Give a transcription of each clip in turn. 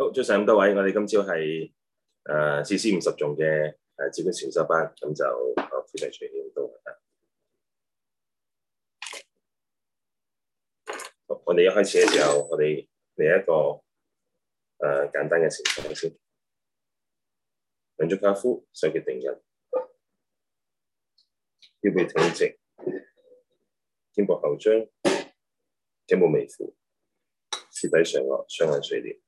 好，早上咁多位，我哋今朝係誒事師五十頌嘅誒止觀禪修班，咁就非常隨意都好。我哋一開始嘅時候，我哋嚟一個誒、呃、簡單嘅程式先。兩足跏趺，手結定印，腰背挺直，肩膊後張，頸部微俯，舌抵上顎，雙眼垂簾。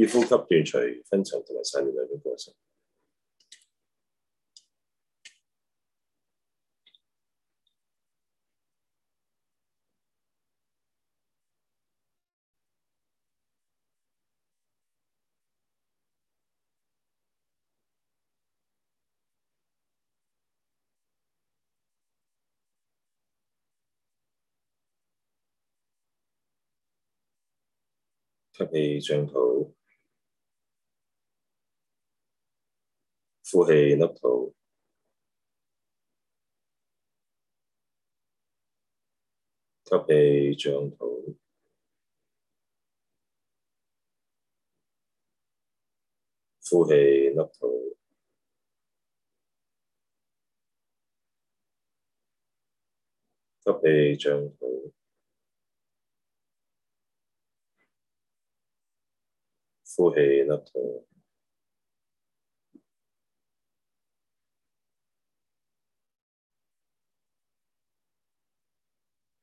以呼吸斷除分層同埋散熱兩個過程，吸氣，上肚。呼氣，凹肚；吸氣，漲肚；呼氣，凹肚；吸氣，漲肚；呼氣，凹肚。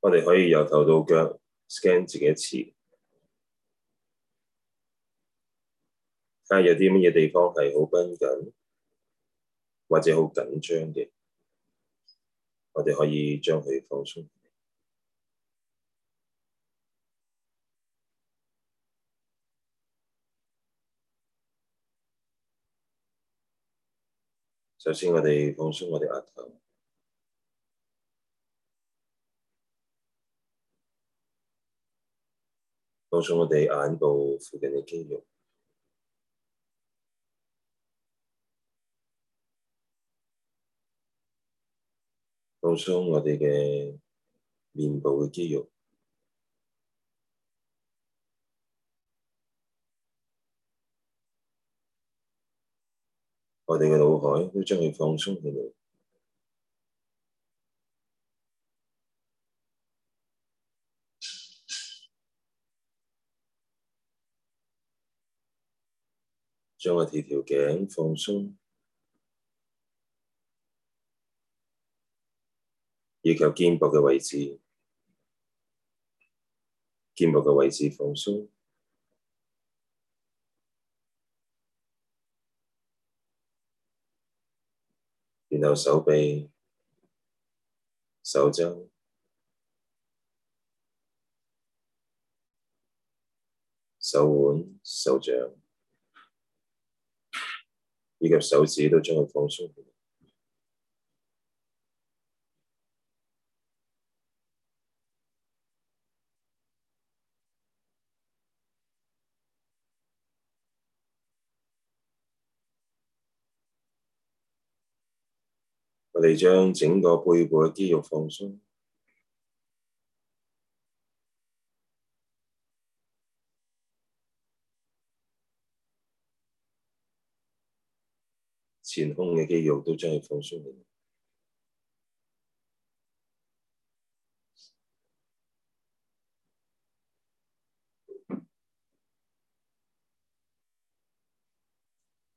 我哋可以由頭到腳 scan 自己一次，睇下有啲乜嘢地方係好繃緊，或者好緊張嘅，我哋可以將佢放鬆。首先，我哋放鬆我哋額頭。放鬆我哋眼部附近嘅肌肉，放鬆我哋嘅面部嘅肌肉，我哋嘅腦海都將會放鬆佢哋。將我條條頸放鬆，以及肩膊嘅位置，肩膊嘅位置放鬆，然後手臂、手肘、手腕、手掌，以及手指都將佢放鬆。我哋將整個背部嘅肌肉放鬆。前胸嘅肌肉都將係放鬆。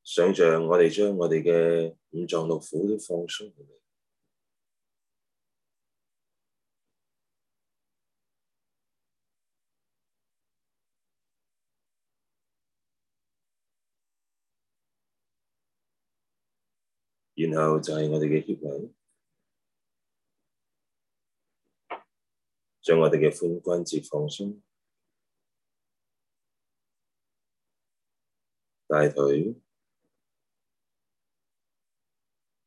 想象我哋將我哋嘅五臟六腑都放鬆。然後就係我哋嘅協力，將我哋嘅髖關節放鬆，大腿、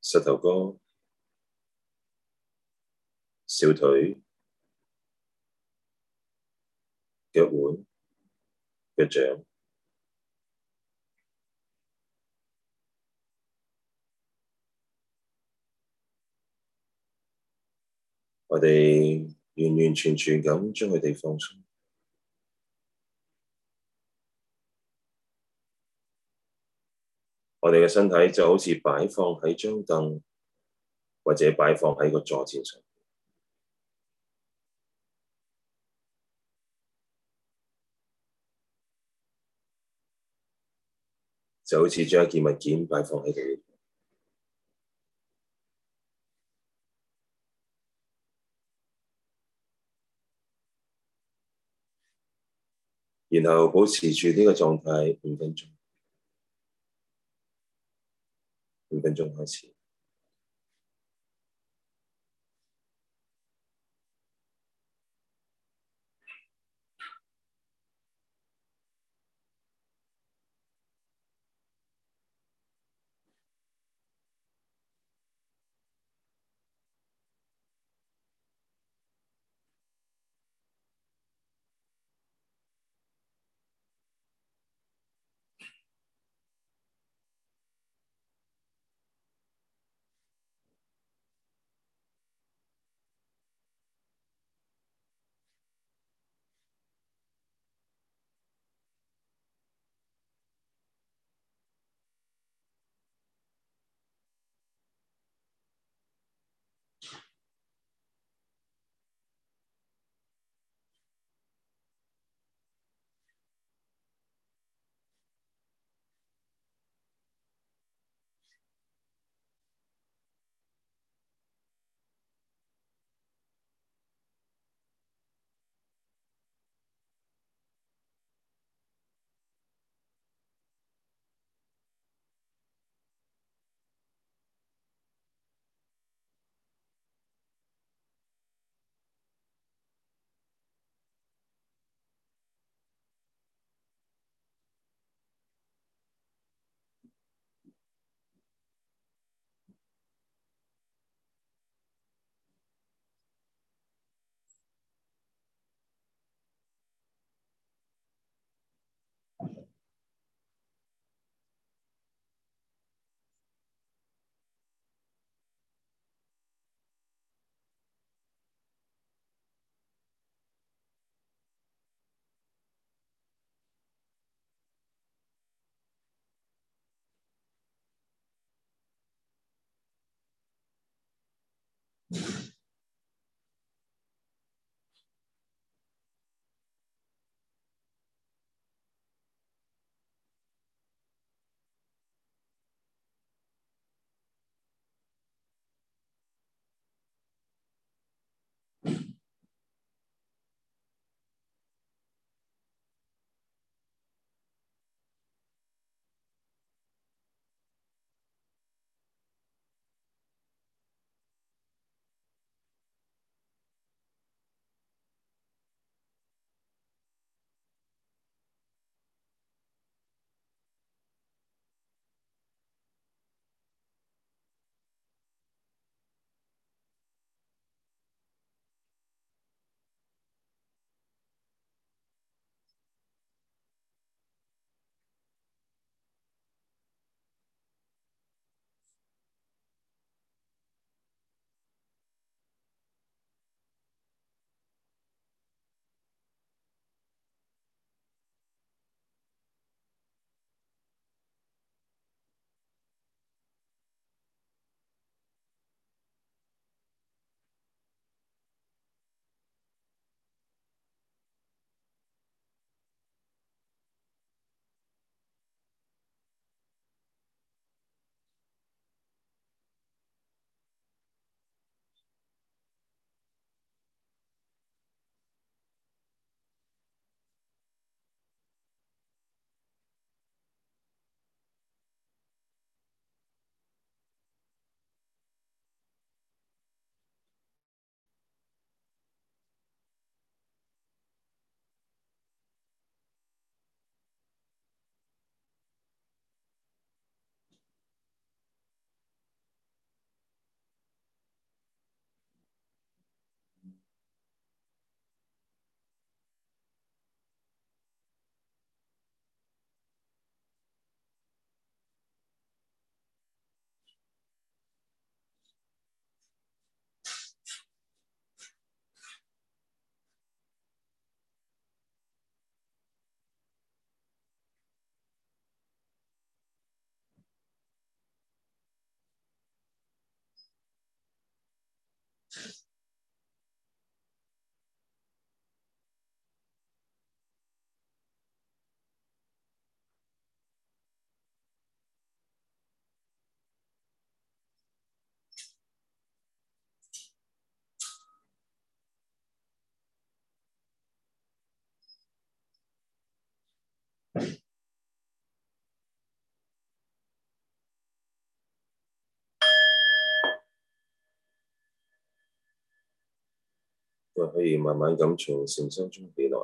膝頭哥、小腿、腳腕、腳掌。我哋完完全全咁將佢哋放鬆，我哋嘅身體就好似擺放喺張凳，或者擺放喺個坐墊上面，就好似將一件物件擺放喺度。然後保持住呢個狀態五分鐘，五分鐘開始。可以慢慢咁從禪修中起來。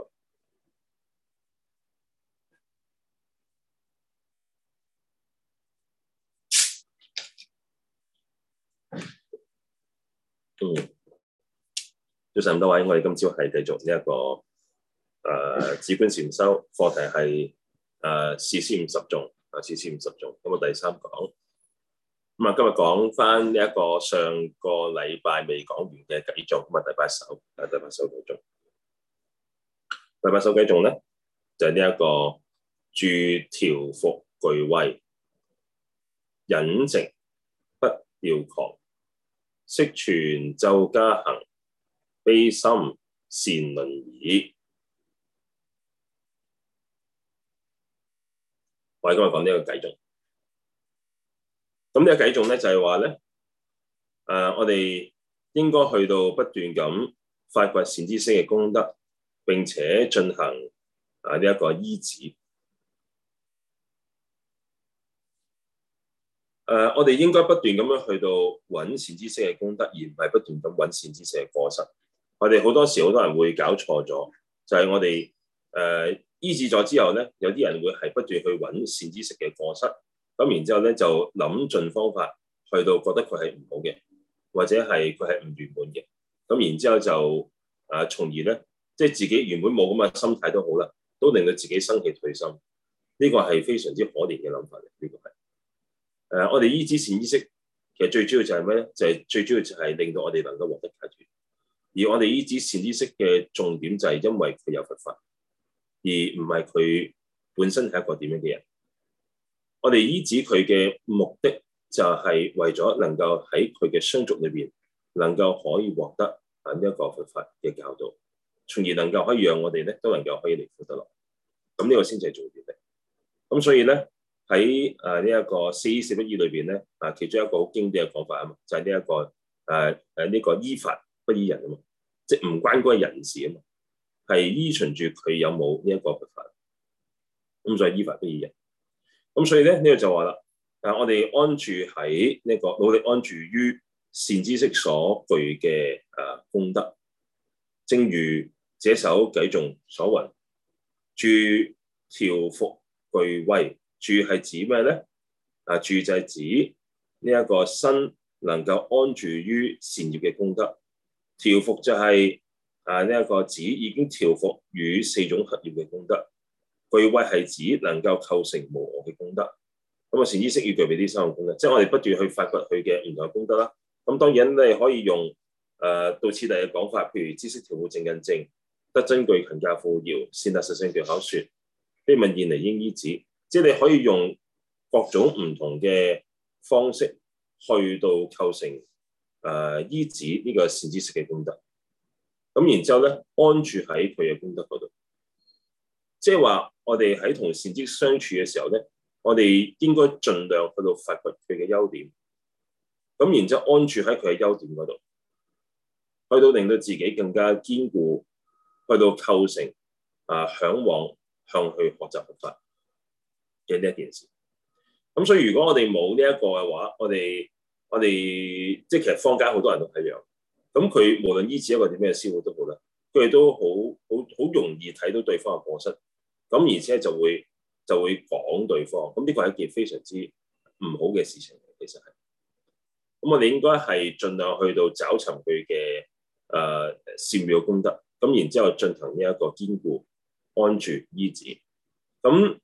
嗯，早晨多位。我哋今朝係繼續呢、這、一個誒止觀禪修課題係誒事師五十頌啊，事師五十頌咁啊，我第三講。咁啊，今日講翻呢一個上個禮拜未講完嘅偈頌，咁啊第八首，啊第八首偈頌，第八首偈頌咧，就係呢一個住調伏具慧，忍直不掉誑，悉傳咒加行，悲心善論議。我哋今日講呢個偈頌。咁呢個偈頌咧，就係話咧，誒，我哋應該去到不斷咁發掘善知識嘅功德，並且進行啊呢一個依止。誒、呃，我哋應該不斷咁樣去到揾善知識嘅功德，而唔係不斷咁揾善知識嘅過失。我哋好多時好多人會搞錯咗，就係、是、我哋誒、呃、依止咗之後咧，有啲人會係不斷去揾善知識嘅過失。咁然之後咧，就諗盡方法，去到覺得佢係唔好嘅，或者係佢係唔圓滿嘅。咁然之後就啊，從而咧，即係自己原本冇咁嘅心態都好啦，都令到自己生氣退心。呢、這個係非常之可憐嘅諗法嘅，呢、這個係。誒、呃，我哋依止善意識，其實最主要就係咩咧？就係、是、最主要就係令到我哋能夠獲得解脫。而我哋依止善知識嘅重點就係因為佢有佛法，而唔係佢本身係一個點樣嘅人。我哋依止佢嘅目的就係、是、為咗能夠喺佢嘅相續裏邊能夠可以獲得啊呢一個佛法嘅教導，從而能夠可以讓我哋咧都能夠可以嚟到得落，咁呢個先至係重要嘅。咁所以咧喺啊呢一個四依四不依裏邊咧啊其中一個好經典嘅講法嘛、就是這個、啊，就係呢一個誒誒呢個依法不依人啊嘛，即係唔關嗰個人事啊嘛，係依循住佢有冇呢一個佛法，咁所以依法不依人。咁所以咧，呢度就話啦，啊，我哋安住喺呢一個努力安住於善知識所具嘅誒功德，正如這首偈頌所云，住調伏具慧，住係指咩咧？啊，住就係指呢一個身能夠安住於善業嘅功德，調伏就係、是、啊呢一、這個指已經調伏語四種黑業嘅功德。具慧係指能夠構成無我嘅功德，咁、嗯、啊善知識要具備啲三項功能，即係我哋不斷去發掘佢嘅現代功德啦。咁、嗯、當然你可以用誒道、呃、次第嘅講法，譬如知識調伏靜印證、德增具勤教富饒善達實性、妙口説、悲憫現嚟應依止，即係你可以用各種唔同嘅方式去到構成誒、呃、依止呢個善知識嘅功德。咁、嗯、然之後咧，安住喺佢嘅功德嗰度。即係話，我哋喺同善知相處嘅時候咧，我哋應該盡量去到發掘佢嘅優點，咁然之後安住喺佢嘅優點嗰度，去到令到自己更加堅固，去到構成啊，向往向佢學習佛法嘅呢一件事。咁所以如果我哋冇呢一個嘅話，我哋我哋即係其實坊間好多人都一樣，咁佢無論依止一個點咩師傅都好啦，佢哋都好好好容易睇到對方嘅過失。咁而且就會就會講對方，咁呢個係一件非常之唔好嘅事情，其實係。咁我哋應該係盡量去到找尋佢嘅誒善妙功德，咁然之後進行呢一個堅固安住依止，咁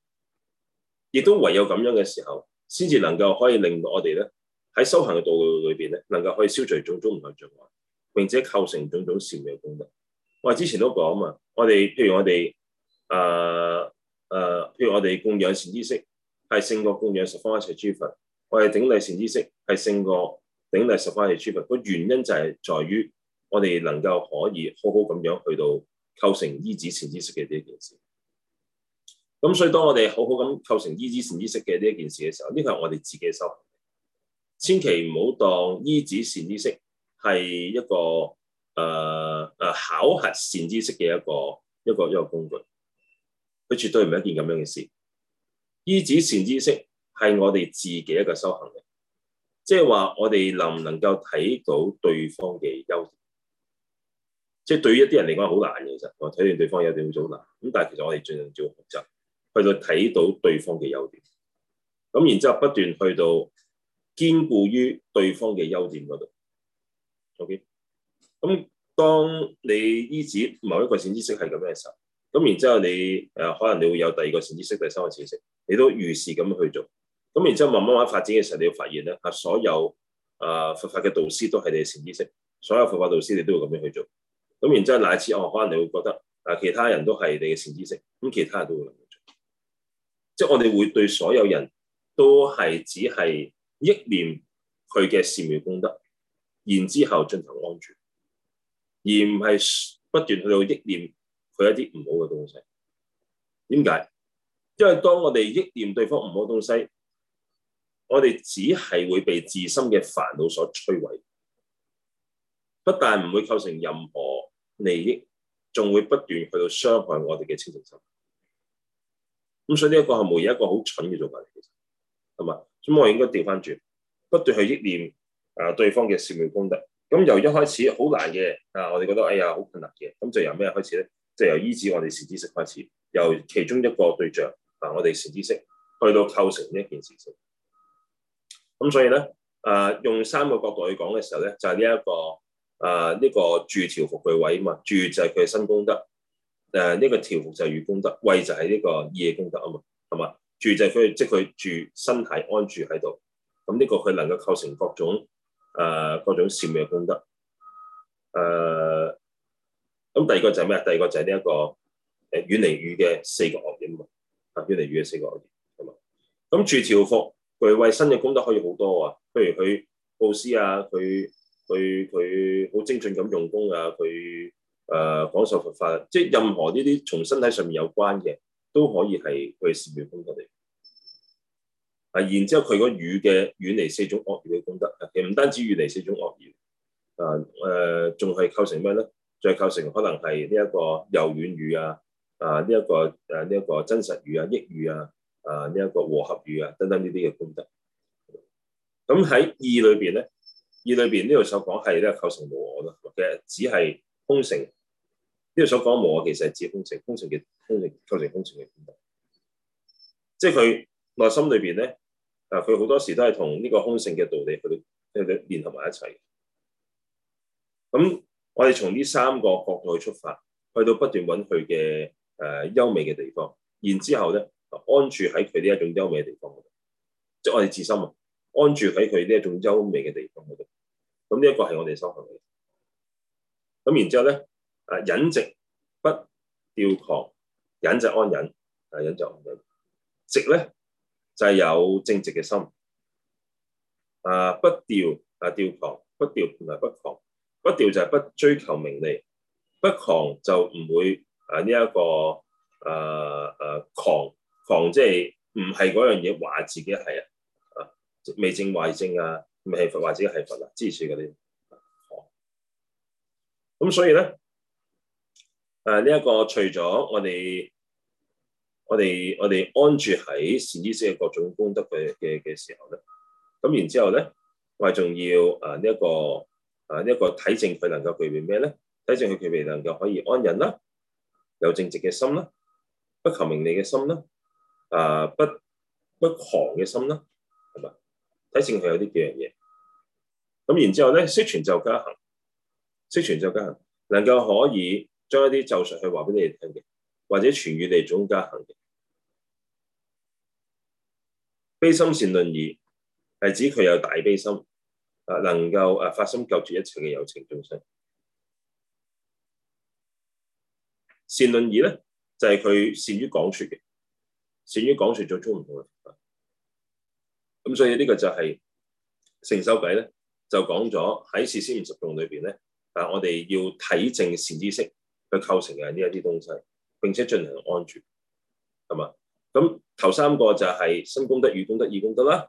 亦都唯有咁樣嘅時候，先至能夠可以令到我哋咧喺修行嘅道路裏邊咧，能夠可以消除種種唔同嘅障礙，並且構成種種善妙功德。我哋之前都講嘛，我哋譬如我哋。誒誒，譬、uh, uh, 如我哋供養善知識，係勝過供養十方一切諸佛。我哋頂禮善知識，係勝過頂禮十方一切諸佛。個原因就係在於我哋能夠可以好好咁樣去到構成依止善知識嘅呢一件事。咁所以當我哋好好咁構成依止善知識嘅呢一件事嘅時候，呢個係我哋自己嘅收穫。千祈唔好當依止善知識係一個誒誒、呃啊、考核善知識嘅一個一個一個，一個工具。佢絕對唔係一件咁樣嘅事，依止善知識係我哋自己一個修行嘅，即係話我哋能唔能夠睇到對方嘅優點，即係對於一啲人嚟講係好難嘅，其實我睇見對方優點好難。咁但係其實我哋盡量做學習去到睇到對方嘅優點，咁然之後不斷去到堅固於對方嘅優點嗰度。OK，咁當你依止某一個善知識係咁樣嘅時候。咁然之後你誒可能你會有第二個善知識、第三個善知識，你都如是咁去做。咁然之後慢慢慢發展嘅時候，你要發現咧，啊所有啊佛法嘅導師都係你嘅善知識，所有佛法導師你都會咁樣去做。咁然之後乃至我可能你會覺得啊其他人都係你嘅善知識，咁其他人都會咁樣做。即係我哋會對所有人都係只係憶念佢嘅善妙功德，然之後進行安住，而唔係不斷去到憶念。佢一啲唔好嘅東西，點解？因為當我哋憶念對方唔好嘅東西，我哋只係會被自身嘅煩惱所摧毀，不但唔會構成任何利益，仲會不斷去到傷害我哋嘅清淨心。咁所以呢一個係無疑一個好蠢嘅做法嚟嘅，係嘛？咁我應該調返轉，不斷去憶念誒對方嘅善妙功德。咁由一開始好難嘅，啊，我哋覺得哎呀好困難嘅，咁就由咩開始咧？即係由依止我哋善知識開始，由其中一個對象啊，我哋善知識去到構成呢一件事情。咁所以咧，誒、呃、用三個角度去講嘅時候咧，就係呢一個誒呢、呃這個住調伏具慧啊嘛，住就係佢嘅身功德，誒、呃、呢、這個調伏就係語功德，慧就係呢個意功德啊嘛，係嘛，住就係佢即係佢住身體安住喺度，咁呢個佢能夠構成各種誒、呃、各種善嘅功德，誒、呃。咁第二個就係咩啊？第二個就係呢一個誒遠離語嘅四個惡業啊！遠離語嘅四個惡業係嘛？咁住調伏，佢身嘅功德可以好多啊！譬如佢布施啊，佢佢佢好精進咁用功啊，佢誒講授佛法，即係任何呢啲從身體上面有關嘅都可以係佢哋善妙功德嚟。啊，然之後佢嗰語嘅遠離四種惡業嘅功德，其實誒唔單止遠離四種惡業啊，誒仲係構成咩咧？再構成可能係呢一個柔軟語啊，啊呢一、這個誒呢一個真實語啊、益語啊、啊呢一、這個和合語啊，等等德、嗯、呢啲嘅功德。咁喺意裏邊咧，意裏邊呢度所講係呢個構成無我咯，其實只係空性。呢度所講無我其實係指空性，空性嘅空性構成空性嘅功德。即係佢內心裏邊咧，啊佢好多時都係同呢個空性嘅道理佢哋聯合埋一齊。咁。我哋從呢三個角度出發，去到不斷揾佢嘅誒優美嘅地方，然之後咧安住喺佢呢一種優美嘅地方嗰度，即係我哋自心啊，安住喺佢呢一種優美嘅地方嗰度。咁、這個、呢一個係我哋修行嘅。咁然之後咧，啊忍直不掉誑，忍就安忍，啊忍就安忍。直咧就係、是、有正直嘅心。啊不掉啊掉誑，不掉原來不誑。不掉就係不追求名利，不誑就唔會啊呢一個誒誒誑誑即係唔係嗰樣嘢話自己係啊啊未證壞證啊，唔係佛話自己係佛啦，支持嗰啲。咁、啊、所以咧誒呢一、啊這個除咗我哋我哋我哋安住喺善知識嘅各種功德嘅嘅嘅時候咧，咁、啊、然之後咧，我仲要誒呢一個。啊！一個體證佢能夠具備咩咧？體證佢具備能夠可以安忍啦、啊，有正直嘅心啦、啊，不求名利嘅心啦、啊，啊不不狂嘅心啦、啊，係咪？體證佢有啲幾樣嘢。咁然之後咧，悉傳咒加行，悉傳咒加行，能夠可以將一啲咒術去話俾你哋聽嘅，或者傳語你哋總加行嘅。悲心善論議係指佢有大悲心。啊，能夠啊，發心救助一切嘅有情眾生。善論議咧，就係、是、佢善於講説嘅，善於講説做足唔同嘅。咁、啊、所以呢個就係、是、成修偈咧，就講咗喺事師五十頌裏邊咧，啊，我哋要體證善知識去構成嘅呢一啲東西，並且進行安住。係嘛。咁頭三個就係身功德語功德意功德啦。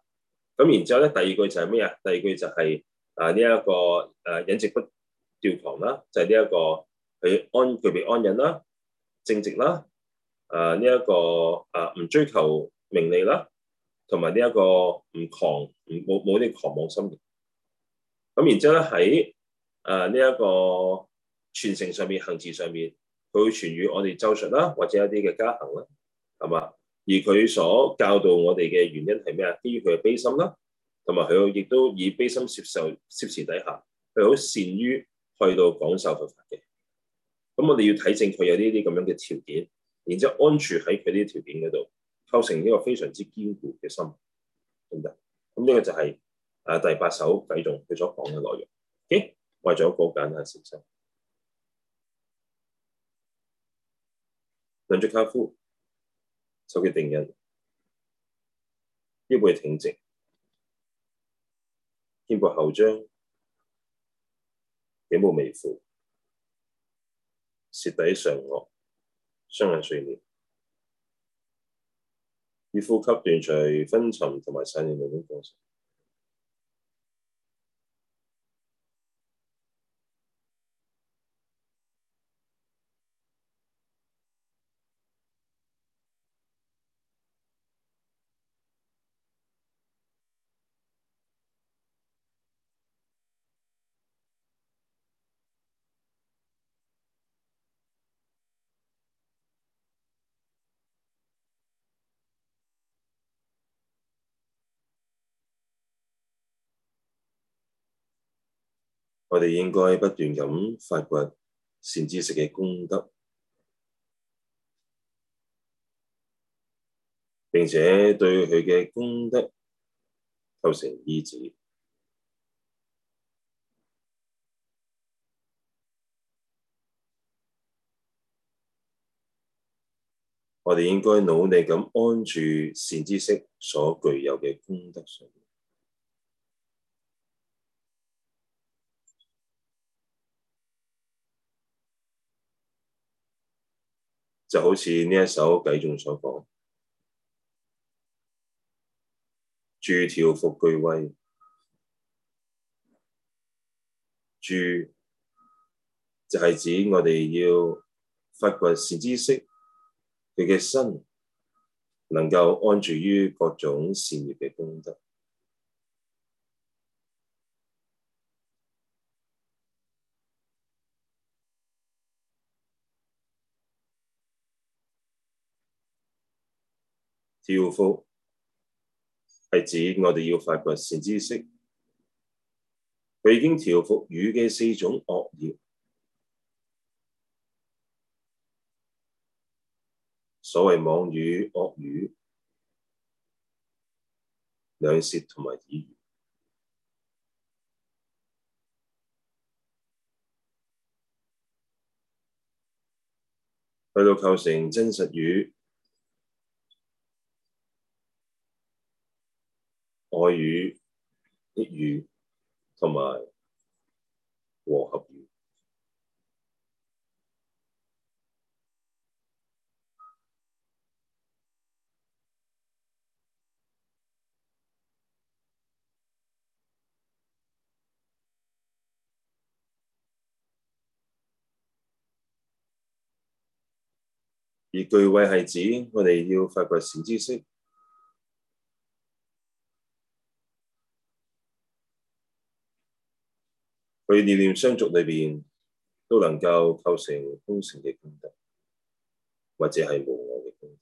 咁然之後咧，第二句就係、是、咩啊？第二句就係啊呢一個誒忍直不掉誑啦，就係呢一個佢安具備安忍啦、正直啦、誒呢一個誒唔、啊、追求名利啦，同埋呢一個唔狂唔冇冇呢狂妄心。咁、啊、然之後咧喺誒呢一、啊這個傳承上面、行持上面，佢會傳予我哋咒術啦，或者一啲嘅加行啦，係嘛？而佢所教導我哋嘅原因係咩啊？基於佢嘅悲心啦，同埋佢亦都以悲心攝受、攝持底下，佢好善於去到講授佛法嘅。咁我哋要睇證佢有呢啲咁樣嘅條件，然之後安住喺佢呢啲條件嗰度，構成呢個非常之堅固嘅心，得唔得？咁呢個就係啊第八首偈中佢所講嘅內容。嘅為咗保緊啊信心，跟住卡夫。手結定印，腰部挺直，肩部後張，頸部微俯，舌抵上顎，雙眼垂簾，以呼吸斷除分層同埋散熱兩種方式。我哋應該不斷咁發掘善知識嘅功德，並且對佢嘅功德構成依止。我哋應該努力咁安住善知識所具有嘅功德上。就好似呢一首偈中所講，住調伏具慧，住就係、是、指我哋要發掘善知識，佢嘅身能夠安住於各種善業嘅功德。調伏係指我哋要發掘善知識，佢已經調伏語嘅四種惡業，所謂妄語、惡語、兩舌同埋綺語，去到構成真實語。愛語、益語同埋和合語，而具位係指我哋要發掘善知識。去念念相續裏邊都能夠構成功成嘅功德，或者係無我嘅功德。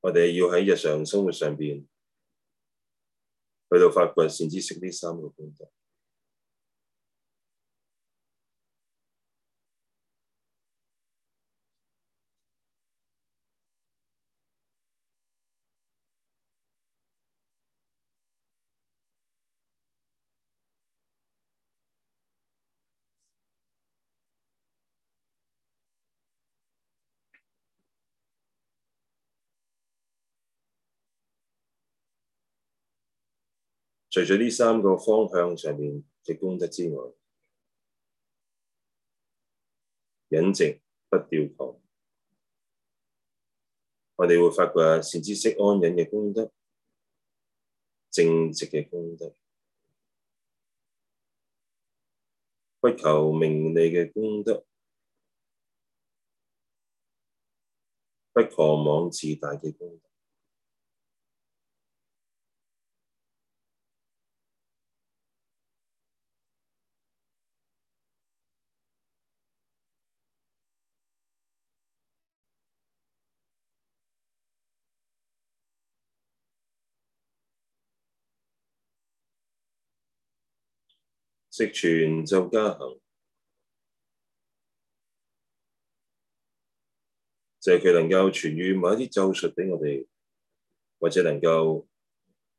我哋要喺日常生活上邊去到發掘善知識呢三個功德。除咗呢三個方向上面嘅功德之外，忍直不掉誑，我哋會發掘善知識安忍嘅功德、正直嘅功德、不求名利嘅功德、不狂妄自大嘅功德。悉傳咒加行，就係、是、佢能夠傳予某一啲咒術畀我哋，或者能夠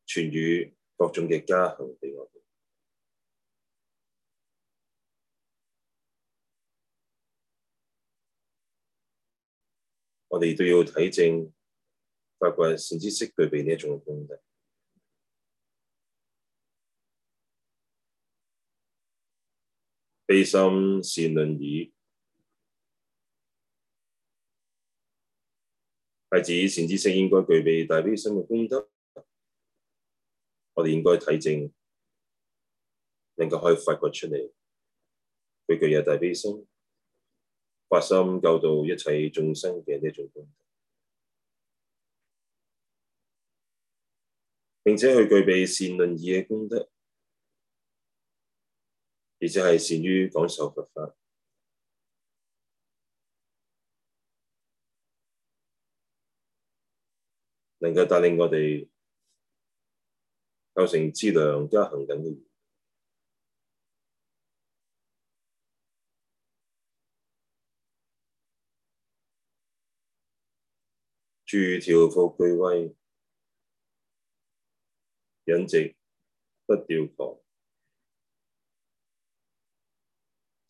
傳予各種嘅家行俾我哋。我哋都要睇正法官先知識具備呢一種功德。悲心善論議，係指，善知識應該具備大悲心嘅功德。我哋應該體證，能夠可以發掘出嚟，佢具，具有大悲心、發心救度一切眾生嘅呢一種功德，並且去具備善論議嘅功德。而且係善於講授佛法，能夠帶領我哋構成資糧，加行緊要，住調伏具慧，忍直不掉誑。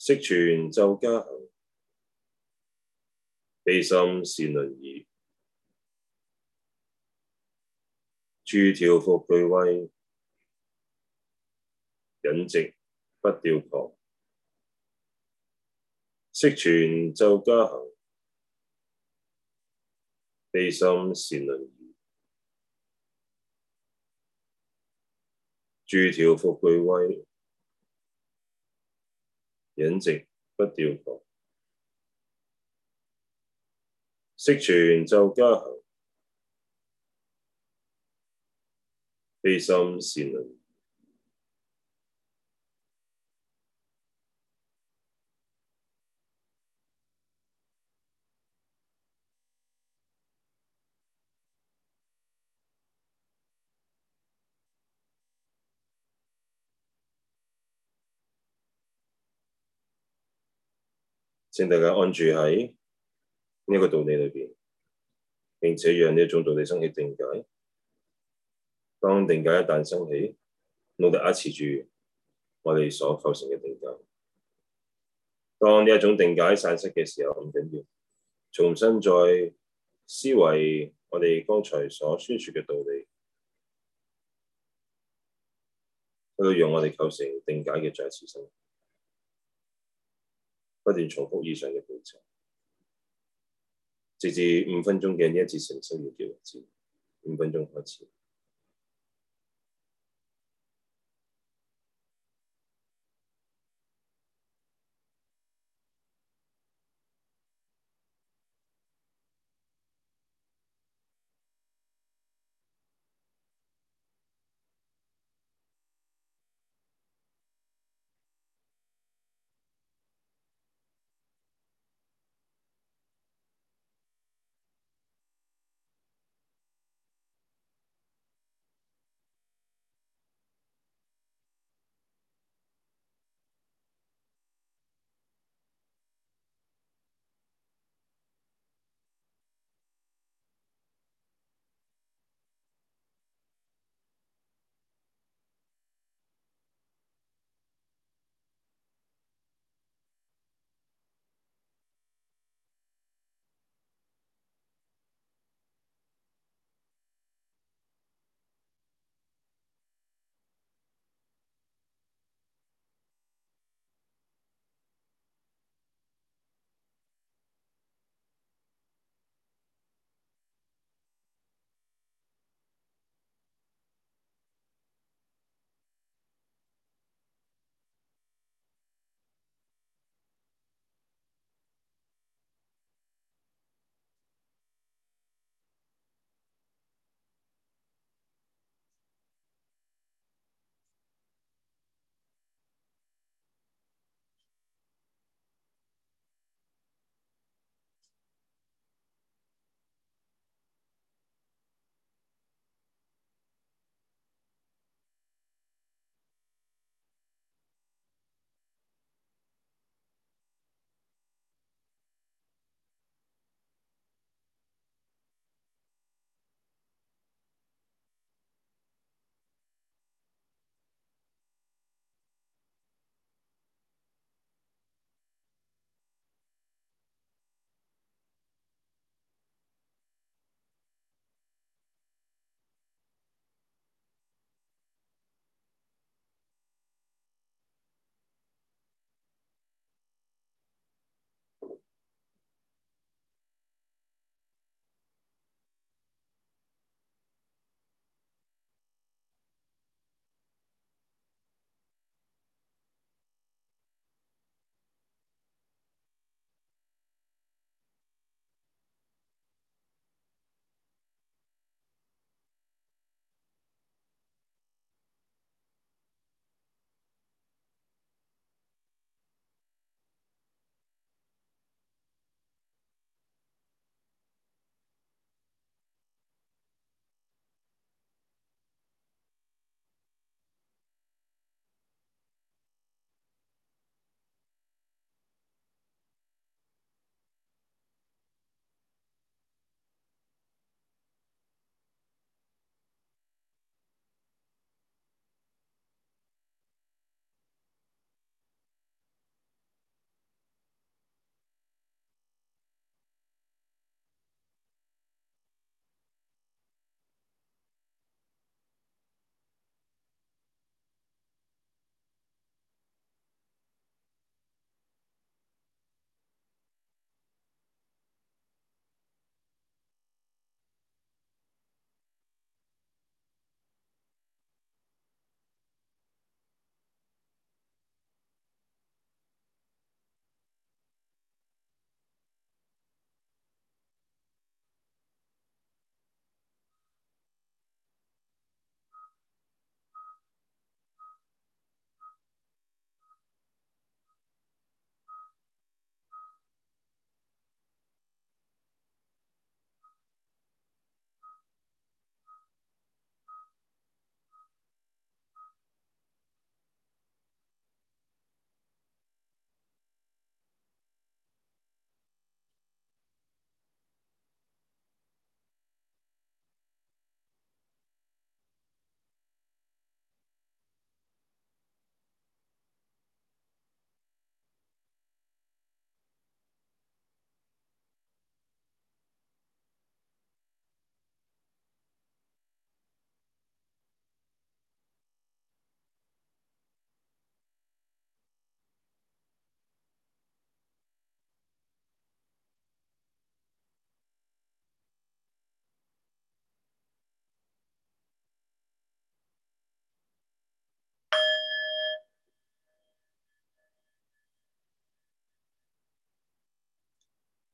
悉傳咒加行，悲心善論議，住調伏具慧，忍直不掉誑。悉傳咒加行，悲心善論議，住調伏具慧。忍直不掉誑，悉傳咒加行，悲心善能。請大家安住喺呢個道理裏邊，並且讓呢一種道理生起定解。當定解一旦升起，努力維持住我哋所構成嘅定解。當呢一種定解散失嘅時候，唔緊要，重新再思維我哋剛才所宣說嘅道理，去讓我哋構成定解嘅再次生。不斷重複以上嘅步驟，直至五分鐘嘅呢一節誠心要結束。五分鐘開始。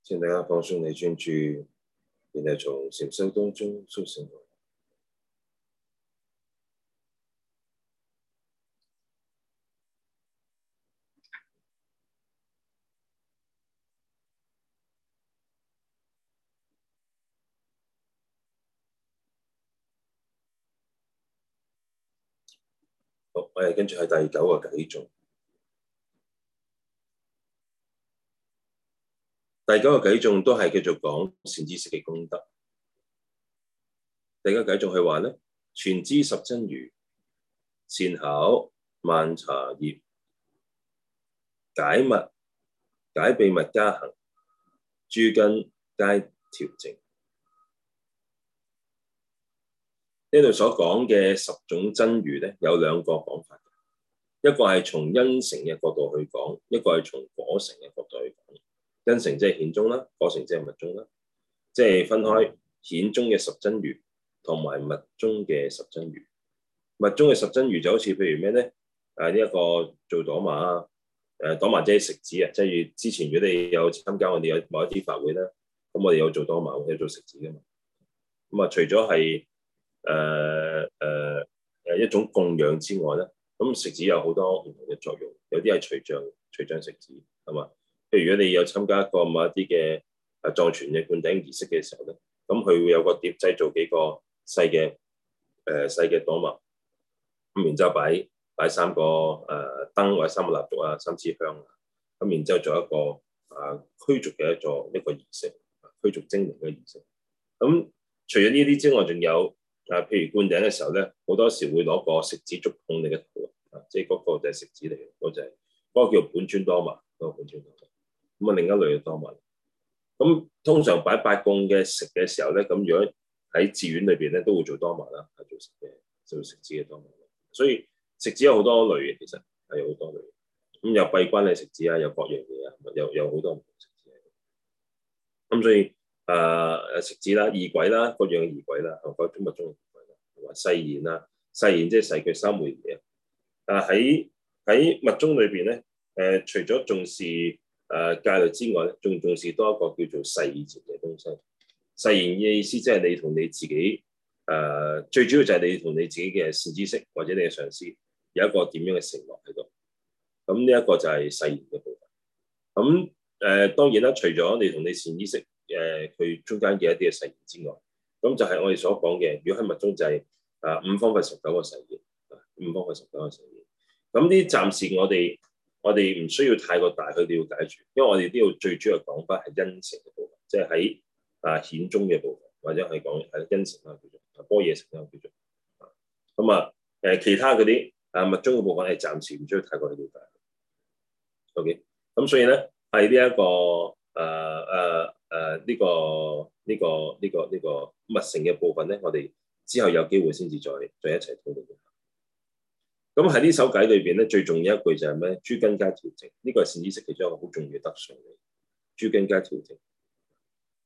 先大家放鬆你專注，然後從禪修當中甦醒過來。好，我哋跟住係第九個偈頌。第九個偈頌都係繼續講善知識嘅功德。第九個偈頌係話咧，全知十真如，善巧曼茶業，解密解秘密加行，諸根皆調靜。呢度所講嘅十種真如咧，有兩個講法，一個係從因乘嘅角度去講，一個係從果乘嘅角度去講。因乘即係顯宗啦，果乘即係密宗啦，即係分開顯宗嘅十真如同埋密宗嘅十真如。密宗嘅十真如就好似譬如咩咧？誒呢一個做朵瑪啊，誒朵瑪即係食子啊。即係之前如果你有參加我哋有某一啲法會咧，咁我哋有做朵瑪或者做食子噶嘛。咁啊，除咗係誒誒誒一種供養之外咧，咁食子有好多唔同嘅作用，有啲係隨著隨著食子係嘛。譬如果你有參加過某一啲嘅誒藏傳嘅灌頂儀式嘅時候咧，咁佢會有個碟製做幾個細嘅誒、呃、細嘅朵瑪，咁然之後擺擺三個誒燈或者三個蠟燭啊，三支香，咁然之後做一個誒、啊、驅逐嘅一座一、這個儀式，驅逐精靈嘅儀式。咁除咗呢啲之外，仲有誒譬如灌頂嘅時候咧，好多時會攞個食指觸碰你嘅頭，啊，即係嗰個就係食指嚟嘅，嗰個就係、是、嗰、那個叫本尊朵瑪，嗰個本尊咁啊，另一類嘅朶瑪，咁通常擺八供嘅食嘅時候咧，咁如果喺寺院裏邊咧，都會做朶瑪啦，係做食嘅，做食子嘅朶瑪。所以食子有好多類嘅，其實係有好多類。咁有閉關嘅食子啊，有各樣嘢啊，有有好多唔同食子嘅。咁所以誒誒食子啦，儀軌啦，各樣嘅儀軌啦，同埋密宗嘅儀軌啦，同埋誓言啦，誓言即係誓句三昧耶。啊，喺喺密宗裏邊咧，誒除咗重視。誒、啊，戒律之外咧，仲重視多一個叫做誓言嘅東西。誓言嘅意思即係你同你自己，誒、啊，最主要就係你同你自己嘅善知識或者你嘅上司有一個點樣嘅承諾喺度。咁呢一個就係誓言嘅部分。咁、嗯、誒、呃，當然啦，除咗你同你善知識誒佢、呃、中間嘅一啲嘅誓言之外，咁、嗯、就係、是、我哋所講嘅，如果喺密宗就係、是、啊五方佛十九個誓言，啊、五方佛十九個誓言。咁、嗯、呢，暫時我哋。我哋唔需要太過大去了解住，因為我哋呢度最主要嘅講法係因乘嘅部分，即係喺啊顯宗嘅部分，或者係講係因乘啊叫做，般若乘啊叫做，咁啊誒其他嗰啲啊密宗嘅部分係暫時唔需要太過去了解。OK，咁所以咧喺呢一個誒誒誒呢個呢、這個呢、這個呢、這個這個密乘嘅部分咧，我哋之後有機會先至再再一齊討論。咁喺呢首偈裏邊咧，最重要一句就係咩？諸根皆調靜」呢，這個係善知識其中一個好重要嘅德數嚟。「諸根皆調靜」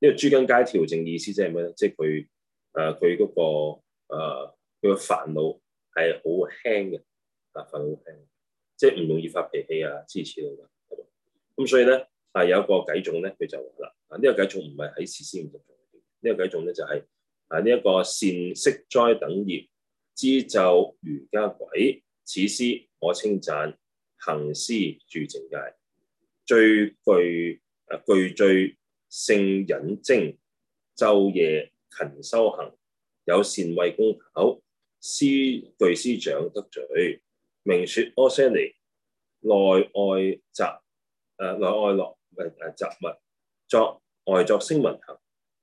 呢，這個諸根皆調靜」意思即係咩咧？即係佢誒佢嗰個佢佢煩惱係好輕嘅，啊煩惱輕，即係唔容易發脾氣啊、持到啊咁。所以咧，係、啊、有一個偈頌咧，佢就話啦，這個這個就是，啊呢個偈頌唔係喺師師唔同嘅，呢個偈頌咧就係啊呢一個善息災等業，知咒瑜伽軌。此師可稱讚，行施住淨戒，最具誒具最勝忍精，晝夜勤修行，有善慧工巧，具具師長德聚，明説阿闍黎，內愛集誒、啊、內愛樂誒誒集密作外作聲聞行，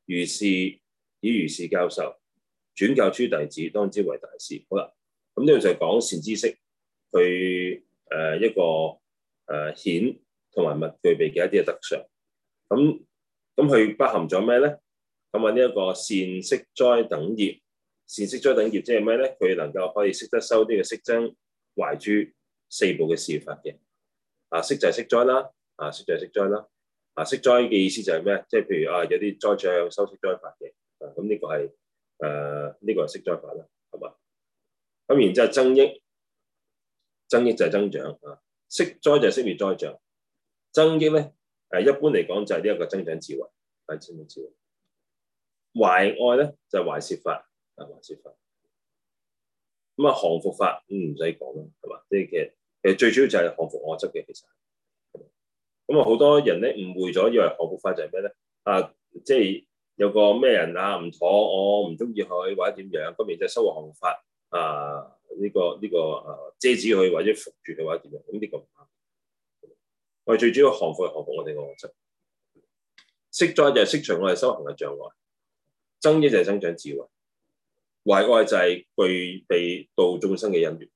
如是以如是教授，轉教諸弟子，當知為大師。好啦。咁呢樣就係講善知識佢誒一個誒顯同埋物具備嘅一啲嘅德相。咁咁佢包含咗咩咧？咁啊呢一個善息災等業，善息災等業即係咩咧？佢能夠可以識得收啲嘅息增懷誅四部嘅事法嘅。啊，息就係息災啦，啊息就係息災啦，啊息災嘅意思就係咩？即係譬如啊有啲災障收息災法嘅。咁、啊、呢、嗯這個係誒呢個係息災法啦，係嘛？咁然之後增益，增益就係增長啊！息災就係息滅災障，增益咧，誒一般嚟講就係呢一個增長智慧，增長智慧。懷愛咧就係懷攝法，啊懷攝法。咁啊降伏法唔使講啦，係嘛？即係其實其實最主要就係降伏我執嘅其實。咁啊好多人咧誤會咗以為降伏法就係咩咧？啊即係、就是、有個咩人啊唔妥，我唔中意佢或者點樣，咁然就收穫降伏法。啊！呢、這個呢、這個啊，遮止佢或者覆住佢，或者點樣咁，呢個我哋最主要降服係降服，服我哋個執，息災就係息除我哋修行嘅障礙，增益就係增長智慧，懷愛就係具備度眾生嘅因緣，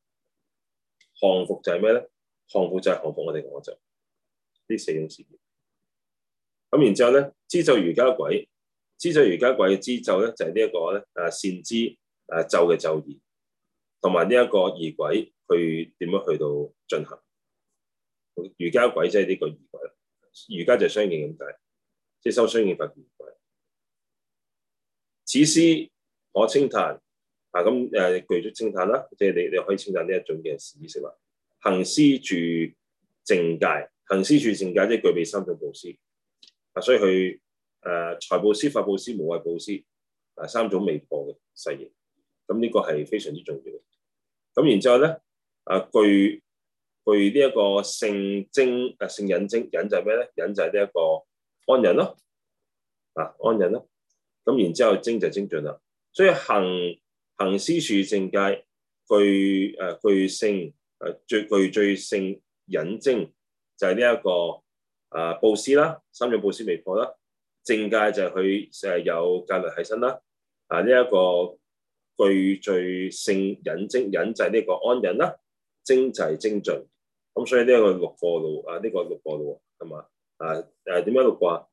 降服就係咩咧？降服就係降服我哋個執，呢四種事業咁。然之後咧，知咒瑜伽軌，知咒瑜伽軌嘅知咒咧就係呢一、就是這個咧啊，善知啊咒嘅咒義。同埋呢一個儀軌去點樣去到進行？瑜伽軌即係呢個儀軌，瑜伽就相應咁解，即、就、係、是、收相應法儀軌。此師可稱讚啊，咁誒、啊、具足稱讚啦，即係你你可以稱讚呢一種嘅意識話。行施住淨戒，行施住淨戒即係具備三種布施。啊，所以佢誒、啊、財布施、法布施、無畏布施，啊三種未破嘅誓言。咁呢個係非常之重要。咁然之後咧，啊具具呢一個勝精啊勝忍精，忍就係咩咧？忍就係呢一個安忍咯，嗱、啊、安忍咯。咁然之後精就精進啦。所以行行施住淨戒具誒具勝誒、啊、最具最勝忍精就係呢一個啊佈施啦，三種布施未破啦。淨戒就係佢誒有戒律喺身啦，啊呢一、這個。具最勝忍精，忍即呢個安忍啦，精即精進，咁所以呢個六個囉啊，呢、這個六個囉係嘛？啊誒點樣六個？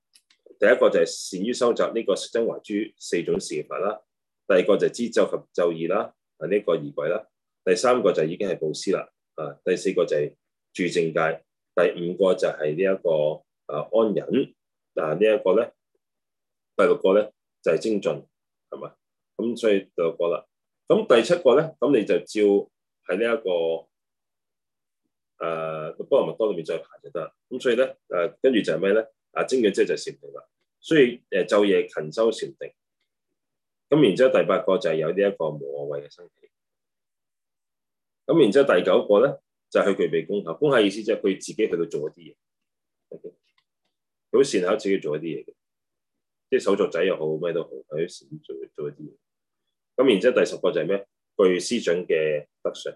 第一個就係善於修習呢個息增懷誅四種事業法啦、啊，第二個就知咒及咒義啦，啊呢、啊這個儀軌啦，第三個就已經係布施啦，啊第四個就係住淨戒，第五個就係呢一個誒、啊、安忍，嗱、啊這個、呢一個咧，第六個咧就係、是、精進，係嘛？咁所以就過啦，咁第七個咧，咁你就照喺呢一個誒、呃、波羅蜜多裏面再排就得啦。咁所以咧誒，跟住就係咩咧？啊精養即係就禪、啊、定啦。所以誒，晝、呃、夜勤修禪定。咁然之後第八個就係有呢一個無我為嘅生起。咁然之後第九個咧，就係、去具備工巧。工、啊、巧意思即係佢自己去到做一啲嘢，佢、okay? 好善巧自己做一啲嘢嘅，即係手作仔又好，咩都好，佢善巧做做一啲嘢。咁然之後第十個就係咩？具師長嘅德相，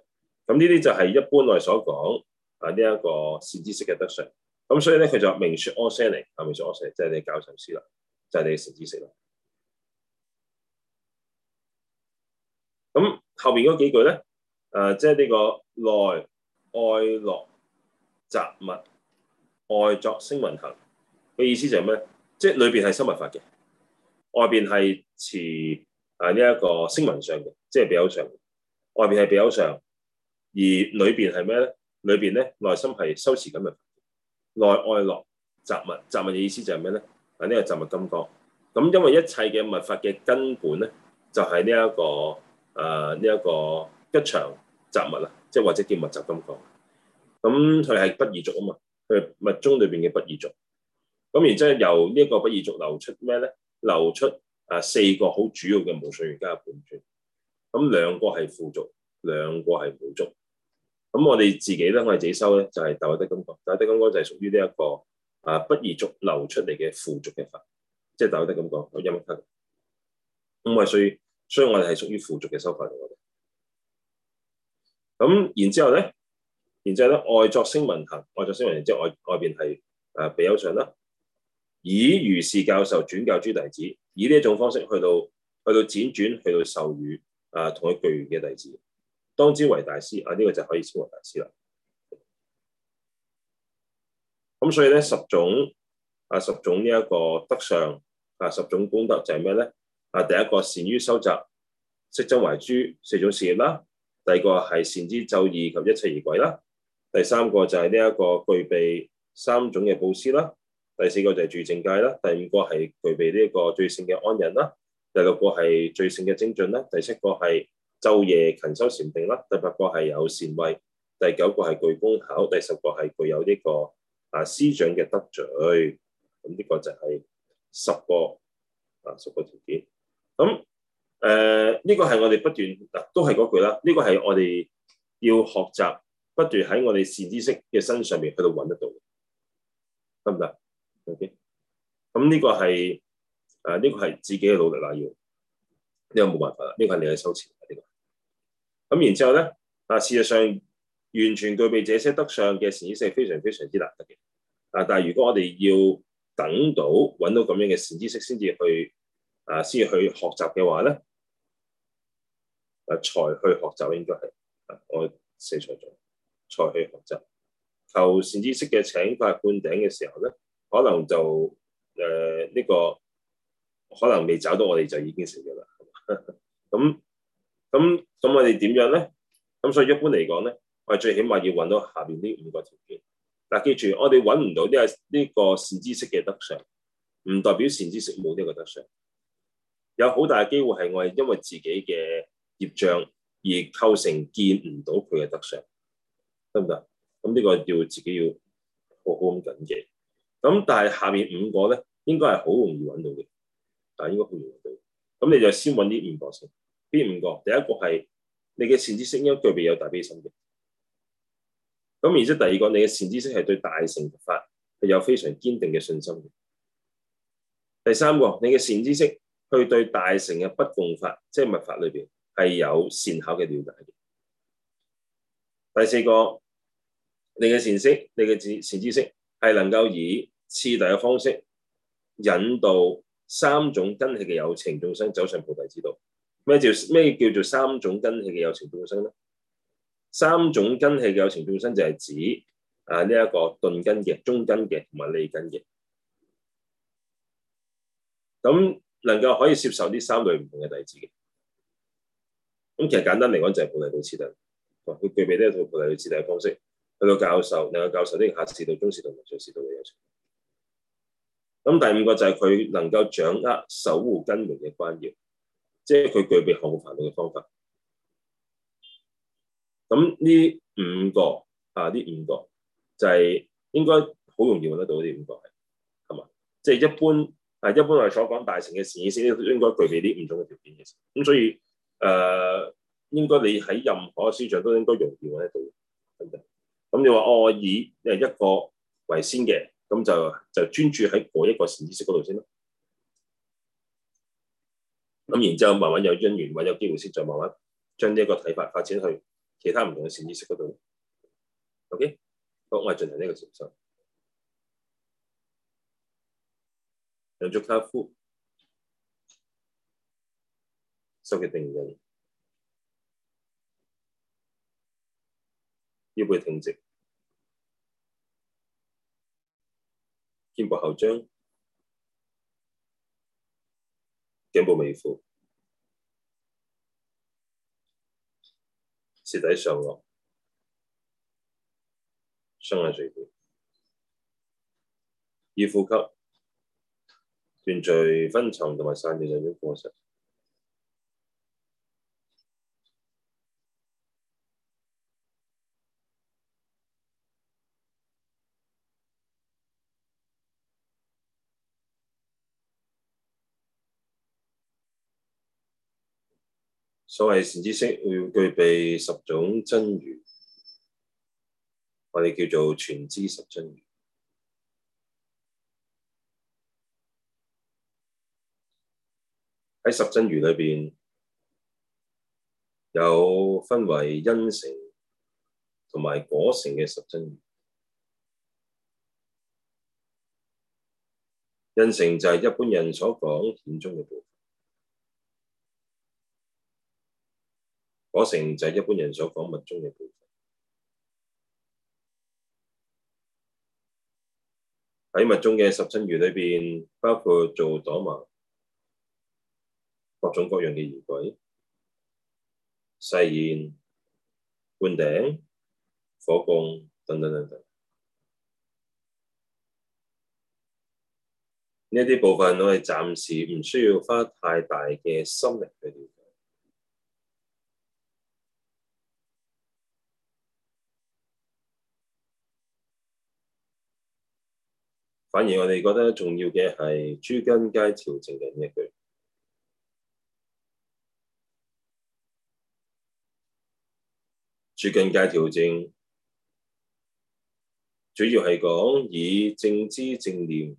咁呢啲就係一般內所講啊呢一個善知識嘅德相。咁所以咧佢就明説阿闍黎，說阿明説阿闍黎，即係你教授師啦，就係你嘅「善知識啦。咁後面嗰幾句咧，誒、呃、即係呢、這個內愛樂集密，外作聲聞行。嘅意思就係咩？即係裏邊係修密法嘅，外邊係持。啊！呢一個聲聞行嘅，即係庇佑上，外邊係比偶上，而裏邊係咩咧？裏邊咧，內心係修持緊嘅。內愛樂集密，集密嘅意思就係咩咧？啊！呢個集密金剛，咁因為一切嘅密法嘅根本咧，就係呢一個啊，呢一個吉祥集密啊，即係或者叫密集金剛。咁佢係不二族啊嘛，佢係密宗裏邊嘅不二族。咁然之後由呢一個不二族流出咩咧？流出。啊！四個好主要嘅無上瑜伽本尊，咁兩個係父續，兩個係母續。咁我哋自己咧，我哋自己修咧，就係、是、大威德金剛，大威德金剛就係屬於呢、這、一個啊，不二續流出嚟嘅父續嘅法，即係大威德金剛，陰陰刻五係衰，所以我哋係屬於父續嘅修法嚟。咁然之後咧，然之後咧外作聲聞行，外作聲聞，然之後外外邊係啊比丘上啦，以如是教授轉教諸弟子。以呢一種方式去到去到輾轉去到授與啊同佢具緣嘅弟子，當知為大師啊，呢、這個就可以稱為大師啦。咁所以咧，十種啊，十種呢一個德相啊，十種功德就係咩咧？啊第一個善於修習，息增懷誅四種事業啦，啊。第二個係善知咒義及一切儀軌啦。第三個就係呢一個具備三種嘅布施啦。啊第四個就係住靜界啦，第五個係具備呢一個最勝嘅安忍啦，第六個係最勝嘅精進啦，第七個係晝夜勤修禪定啦，第八個係有善慧，第九個係具工巧，第十個係具有呢、這個啊師長嘅德聚。咁、嗯、呢、這個就係十個啊十個條件。咁誒呢個係我哋不斷嗱、啊、都係嗰句啦，呢、這個係我哋要學習不斷喺我哋善知識嘅身上面去到揾得到，得唔得？咁呢、okay. 嗯，這個係誒呢個係自己嘅努力啦，要呢、這個冇辦法啦，呢、這個係你係收錢呢個。咁、嗯、然之後咧，啊事實上完全具備這些德相嘅善知識，非常非常之難得嘅。啊，但係如果我哋要等到揾到咁樣嘅善知識先至去啊，先至去學習嘅話咧，啊才去學習應該係啊我四錯咗，才去學習、啊啊、求善知識嘅請法灌頂嘅時候咧。可能就誒呢、呃這個可能未找到，我哋就已經成咗啦。咁咁咁，我哋點樣咧？咁所以一般嚟講咧，我哋最起碼要揾到下邊呢五個條件。嗱，記住，我哋揾唔到呢、這個這個善知識嘅德相，唔代表善知識冇呢個德相。有好大嘅機會係我哋因為自己嘅業障而構成見唔到佢嘅德相，得唔得？咁呢個要自己要好好咁緊記。咁但係下面五個咧，應該係好容易揾到嘅，但係應該好容易揾到。咁你就先揾啲五個先。邊五個？第一個係你嘅善知識，應該具備有大悲心嘅。咁然後第二個，你嘅善知識係對大乘佛法係有非常堅定嘅信心嘅。第三個，你嘅善知識去對大乘嘅不共法，即係密法裏邊係有善巧嘅了解嘅。第四個，你嘅善識，你嘅智善知識。係能夠以次第嘅方式，引導三種根氣嘅有情眾生走上菩提之道。咩叫咩叫做三種根氣嘅有情眾生咧？三種根氣嘅有情眾生就係指啊呢一、這個鈍根嘅、中根嘅同埋利根嘅。咁能夠可以接受呢三類唔同嘅弟子嘅。咁其實簡單嚟講就係菩提道次第，佢、啊、具備呢一套菩提道次第嘅方式。去到教授，另外教授呢係下士道、中士道同上士道嘅有。咁第五個就係佢能夠掌握守護根門嘅關要，即係佢具備後無繁重嘅方法。咁呢五個啊，呢五個就係應該好容易揾得到呢五個係，係嘛？即係、就是、一般啊，一般我哋所講大乘嘅善知識，應該具備呢五種嘅條件嘅。咁所以誒，應該你喺任何嘅市場都應該容易揾得到。咁你話、哦、我以誒一個為先嘅，咁就就專注喺嗰一個善知識嗰度先咯。咁然之後慢慢有因緣，或有機會先，再慢慢將呢一個睇法發展去其他唔同嘅善知識嗰度。OK，好，我進行呢個轉身，有咗卡夫，收嘅定嘢。腰背挺直，肩部後張，頸部微俯，舌抵上顎，雙眼垂瞼，易呼吸，斷除昏沉同埋散亂有啲過實。所謂善知識，要具備十種真如，我哋叫做全知十真如。喺十真如裏邊，有分為因乘同埋果乘嘅十真如。因乘就係一般人所講顯宗嘅部分。火城就係一般人所講密宗嘅部分，喺密宗嘅十真如裏邊，包括做朶瑪、各種各樣嘅儀軌、誓言、灌頂、火供等等等等。呢一啲部分，我哋暫時唔需要花太大嘅心力去了解。反而我哋覺得重要嘅係諸根皆調靜嘅呢一句，諸根皆調靜主要係講以正知正念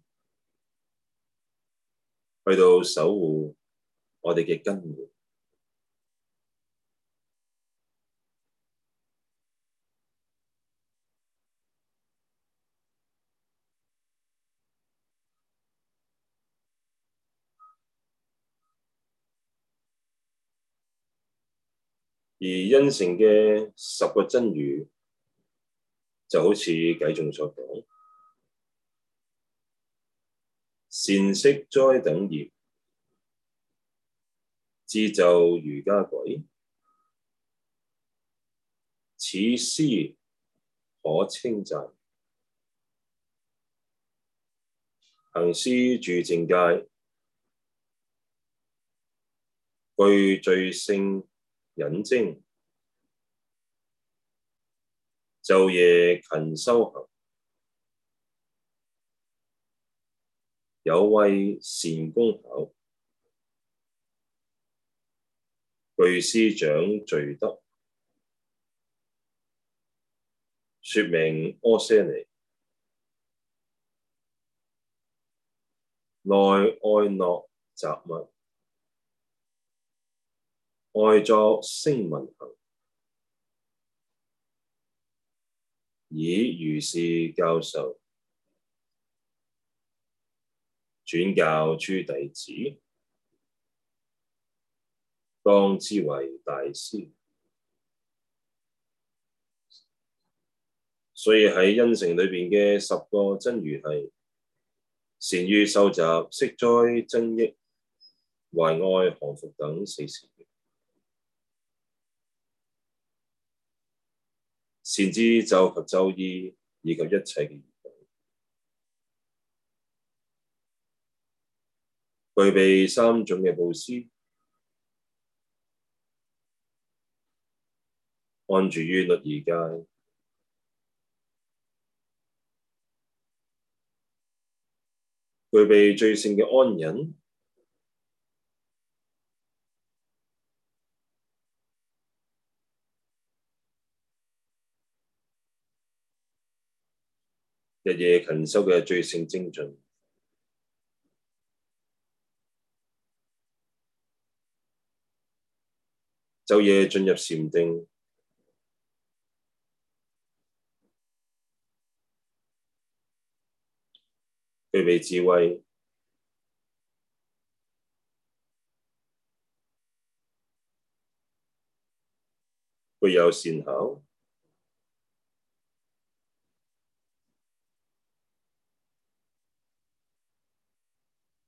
去到守護我哋嘅根門。而因乘嘅十個真如，就好似偈中所講，善息災等業，知咒瑜伽軌，此師可稱讚，行施住淨戒，具最勝。忍精，晝夜勤修行，有慧善工巧，具師長聚德，說名阿闍黎，內愛樂集密。外作聲聞行，以如是教授，轉教諸弟子，當知為大師。所以喺因乘裏邊嘅十個真如係，善於收集、息災、增益、懷愛、降伏等四事。善知咒及咒意，以及一切嘅儀軌，具備三種嘅佈施，安住於律儀戒，具備最勝嘅安忍。日夜勤修嘅最勝精進，晝夜進入禪定，具備智慧，具有善巧。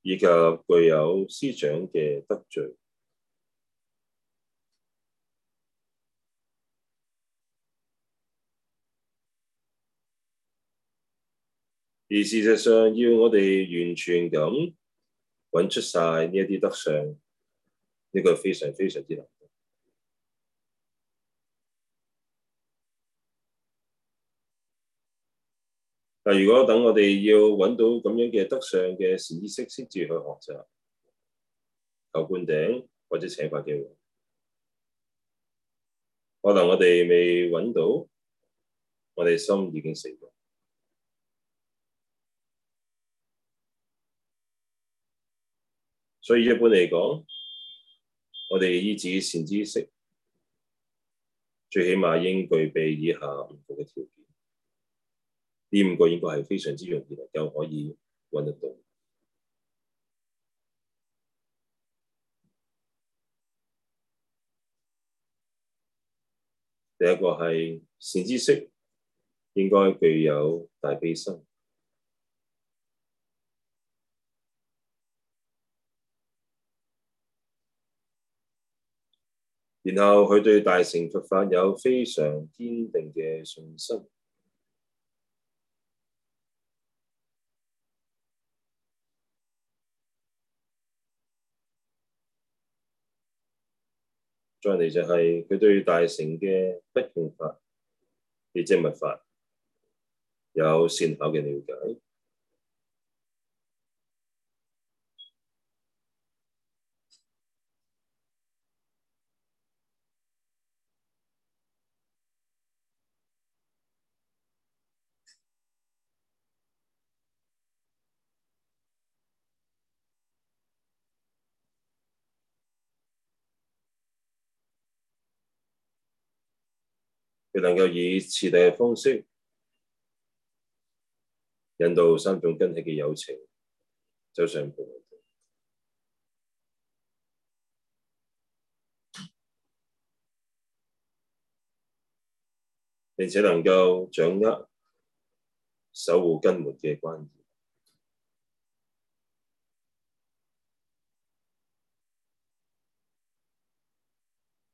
以及具有師長嘅德聚，而事實上要我哋完全咁揾出晒呢一啲德相，呢個非常非常之難。但如果等我哋要揾到咁樣嘅德相嘅善知識先至去學習，求灌頂或者請法機會，可能我哋未揾到，我哋心已經死咗。所以一般嚟講，我哋依止善知識，最起碼應具備以下五個條件。呢五個應該係非常之容易能夠可以揾得到。第一個係善知識，應該具有大悲心，然後佢對大乘佛法有非常堅定嘅信心。再嚟就係佢對大乘嘅不共法亦即密法有善巧嘅了解。佢能夠以次第嘅方式，引導三種根器嘅有情走上正途，並且能夠掌握守護根門嘅關鍵，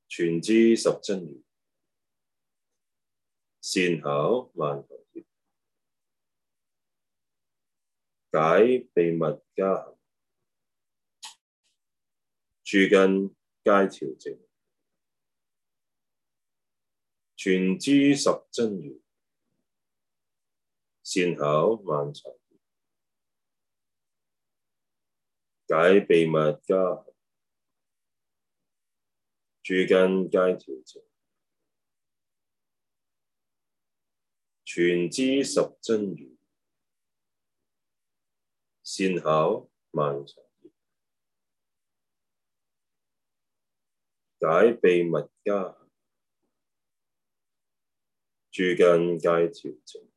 全知十真如。善巧曼茶業，解秘密加行，諸根皆調靜，全知十真如。善巧曼茶業，解秘密加行，諸根皆調靜。全知十真如，善巧曼茶業，解秘密加行，諸根皆調靜。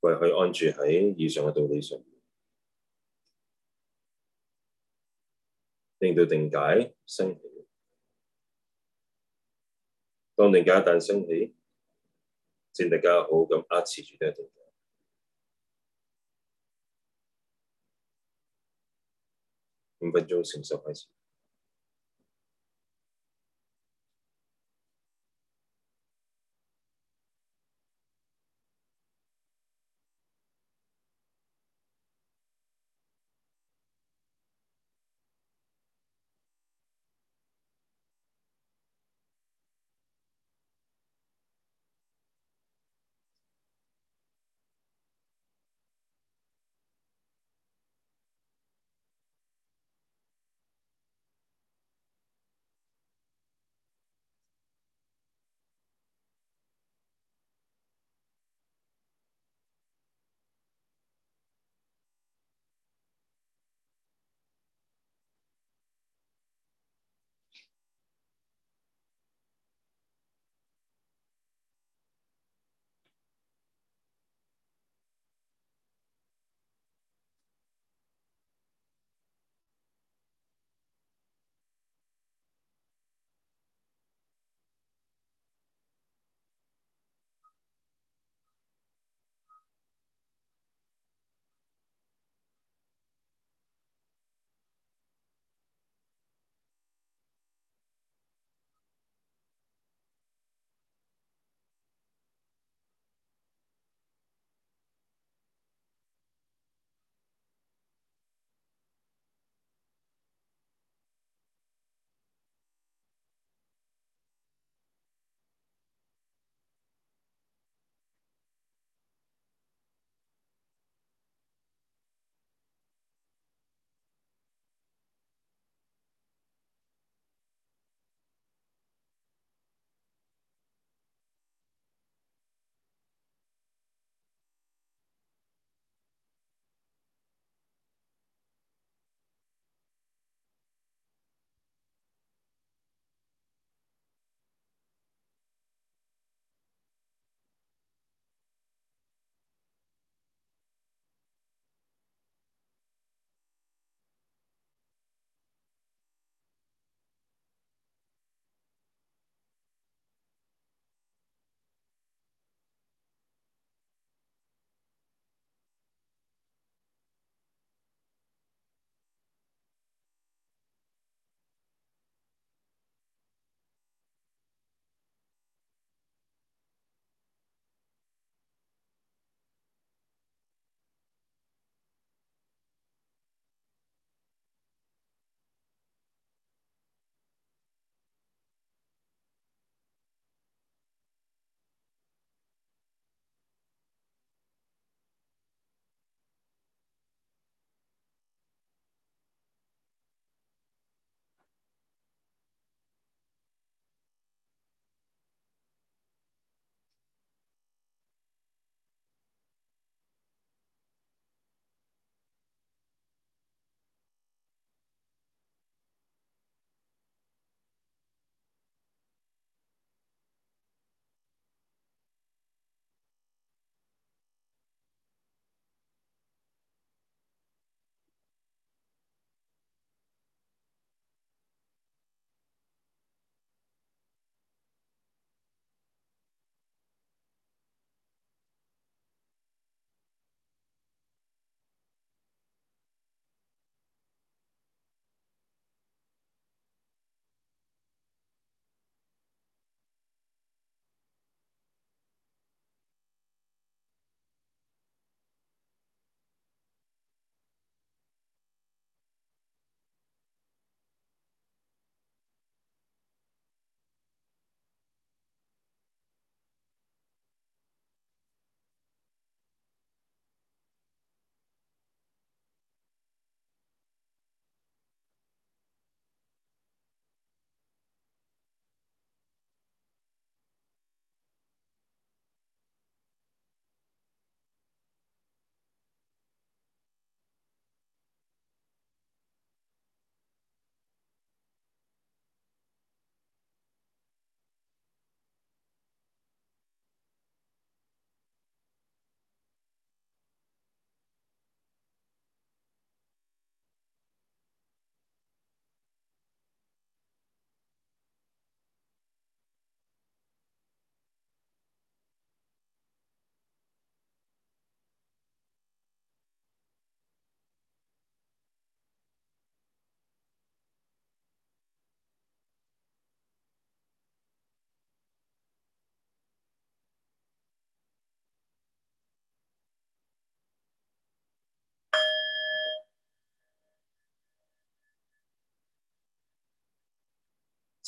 為可以安住喺以上嘅道理上面，令到定解升起。當定解一旦升起，請大家好好咁把持住呢個定解，五分鐘，成熟開始。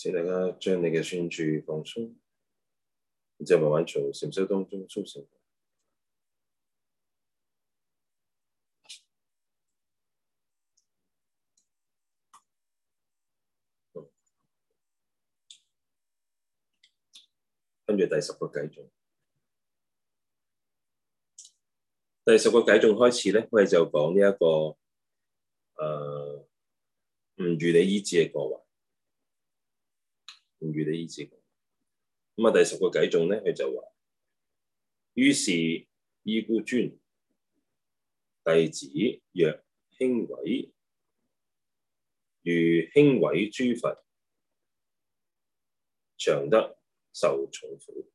請大家將你嘅宣敘放鬆，然之後慢慢做禪修當中修行。跟住第十個偈頌，第十個偈頌開始咧，我哋就講呢一個誒唔如理依止嘅過患。如你意思咁，咁啊第十個偈中咧，佢就話，於是依怙尊，弟子若輕毀，如輕毀諸佛，長得受重苦。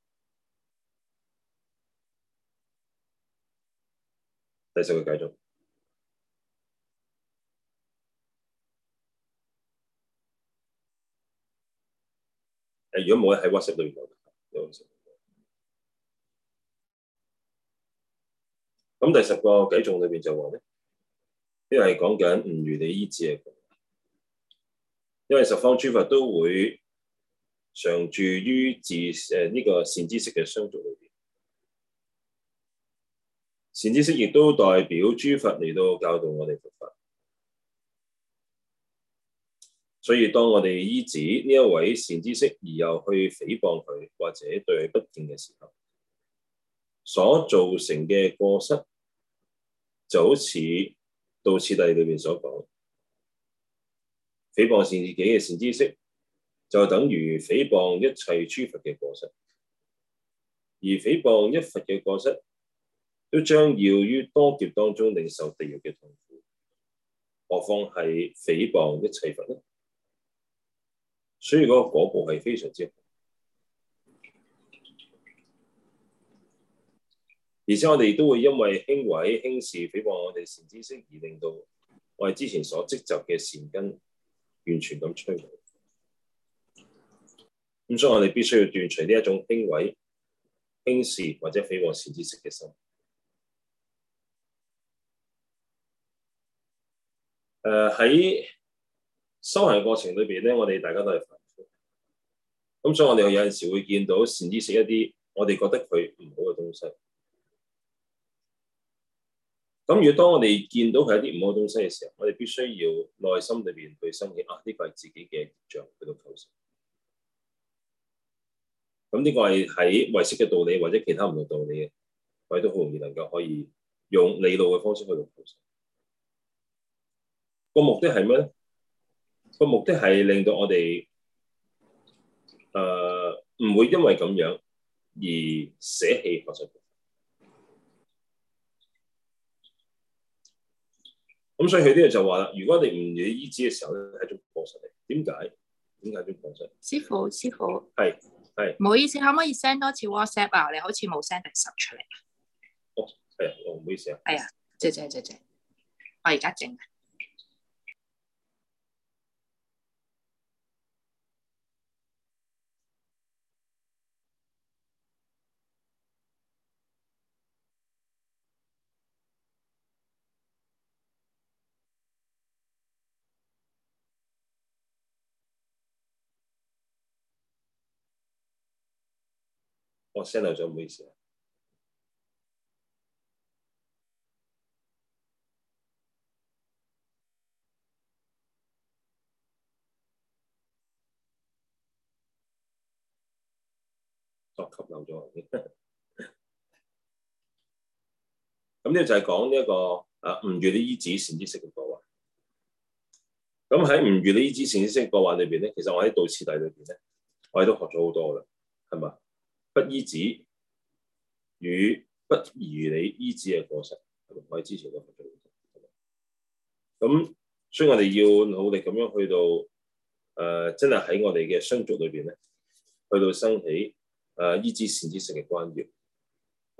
第十個偈中。如果冇咧，喺屈石裏面有。咁第十個偈頌裏邊就話咧，一係講緊唔如理依止嘅。因為十方諸佛都會常住於自誒呢、呃這個善知識嘅相續裏邊，善知識亦都代表諸佛嚟到教導我哋。所以，當我哋依止呢一位善知識，而又去誹謗佢，或者對佢不敬嘅時候，所造成嘅過失，就好似《道次第》裡面裏邊所講，誹謗善自己嘅善知識，就等於誹謗一切諸佛嘅過失，而誹謗一佛嘅過失，都將要於多劫當中領受地獄嘅痛苦。何況係誹謗一切佛呢？所以嗰個果報係非常之好，而且我哋都會因為輕毀輕視、誹謗我哋善知識，而令到我哋之前所積集嘅善根完全咁摧毀。咁、嗯、所以我，我哋必須要斷除呢一種輕毀輕視或者誹謗善知識嘅心。誒、呃、喺修行嘅過程裏邊咧，我哋大家都係凡夫，咁所以我哋有陣時會見到善知識一啲我哋覺得佢唔好嘅東西。咁如果當我哋見到佢一啲唔好嘅東西嘅時候，我哋必須要內心裏邊去申起啊，呢個係自己嘅現象去到求證。咁呢個係喺唯識嘅道理，或者其他唔同道理嘅，佢都好容易能夠可以用理路嘅方式去到求證。個目的係咩咧？個目的係令到我哋誒唔會因為咁樣而捨棄佛性。咁所以佢啲人就話啦，如果我哋唔如理依止嘅時候咧，係一種過失嚟。點解？點解叫過失？師傅，師傅，係係，唔好意思，可唔可以 send 多次 WhatsApp 啊？你好似冇 send 第十出嚟。哦，係啊，我唔好意思啊。係啊，謝謝謝謝，我而家整。我 send 漏咗，唔好意思，作級漏咗。咁呢就係講呢一個啊唔如理依止善知識嘅講話。咁喺唔如理依止善知識講話裏邊咧，其實我喺道次第裏邊咧，我哋都學咗好多啦，係嘛？不依止與不如你依止嘅過程，我哋之前都講咗好多。咁，所以我哋要努力咁樣去到，誒、呃，真係喺我哋嘅相續裏邊咧，去到生起誒、呃、依止善知識嘅關要。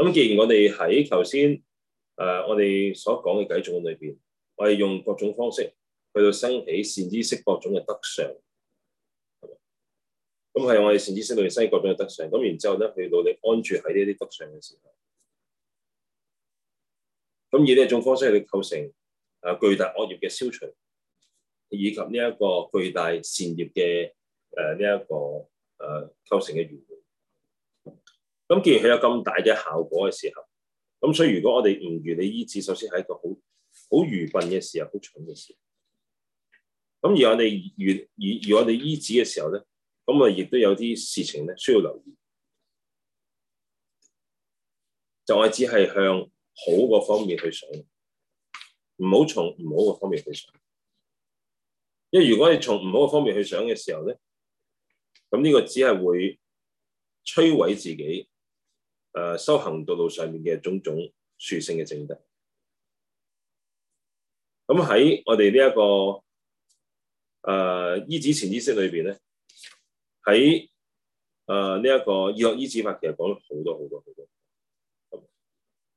咁既然我哋喺頭先誒我哋所講嘅偈頌裏邊，我哋用各種方式去到生起善知識各種嘅德相。咁係、嗯、我哋善知識嘅新國嘅德相，咁然之後咧，去努力安住喺呢啲德相嘅時候，咁以呢一種方式去構成啊巨大惡業嘅消除，以及呢一個巨大善業嘅誒呢一個誒、啊、構成嘅緣故。咁、嗯、既然佢有咁大嘅效果嘅時候，咁、嗯、所以如果我哋唔如理依止，首先係一個好好愚笨嘅時候，好蠢嘅事。咁而我哋如如如我哋依止嘅時候咧。咁我亦都有啲事情咧，需要留意，就係只係向好個方面去想，唔好從唔好個方面去想，因為如果你從唔好個方面去想嘅時候咧，咁呢個只係會摧毀自己，誒、呃、修行道路上面嘅種種殊勝嘅正德。咁喺我哋呢一個誒、呃、依止前知識裏邊咧。喺誒呢一個醫學依止法，其實講咗好多好多好多。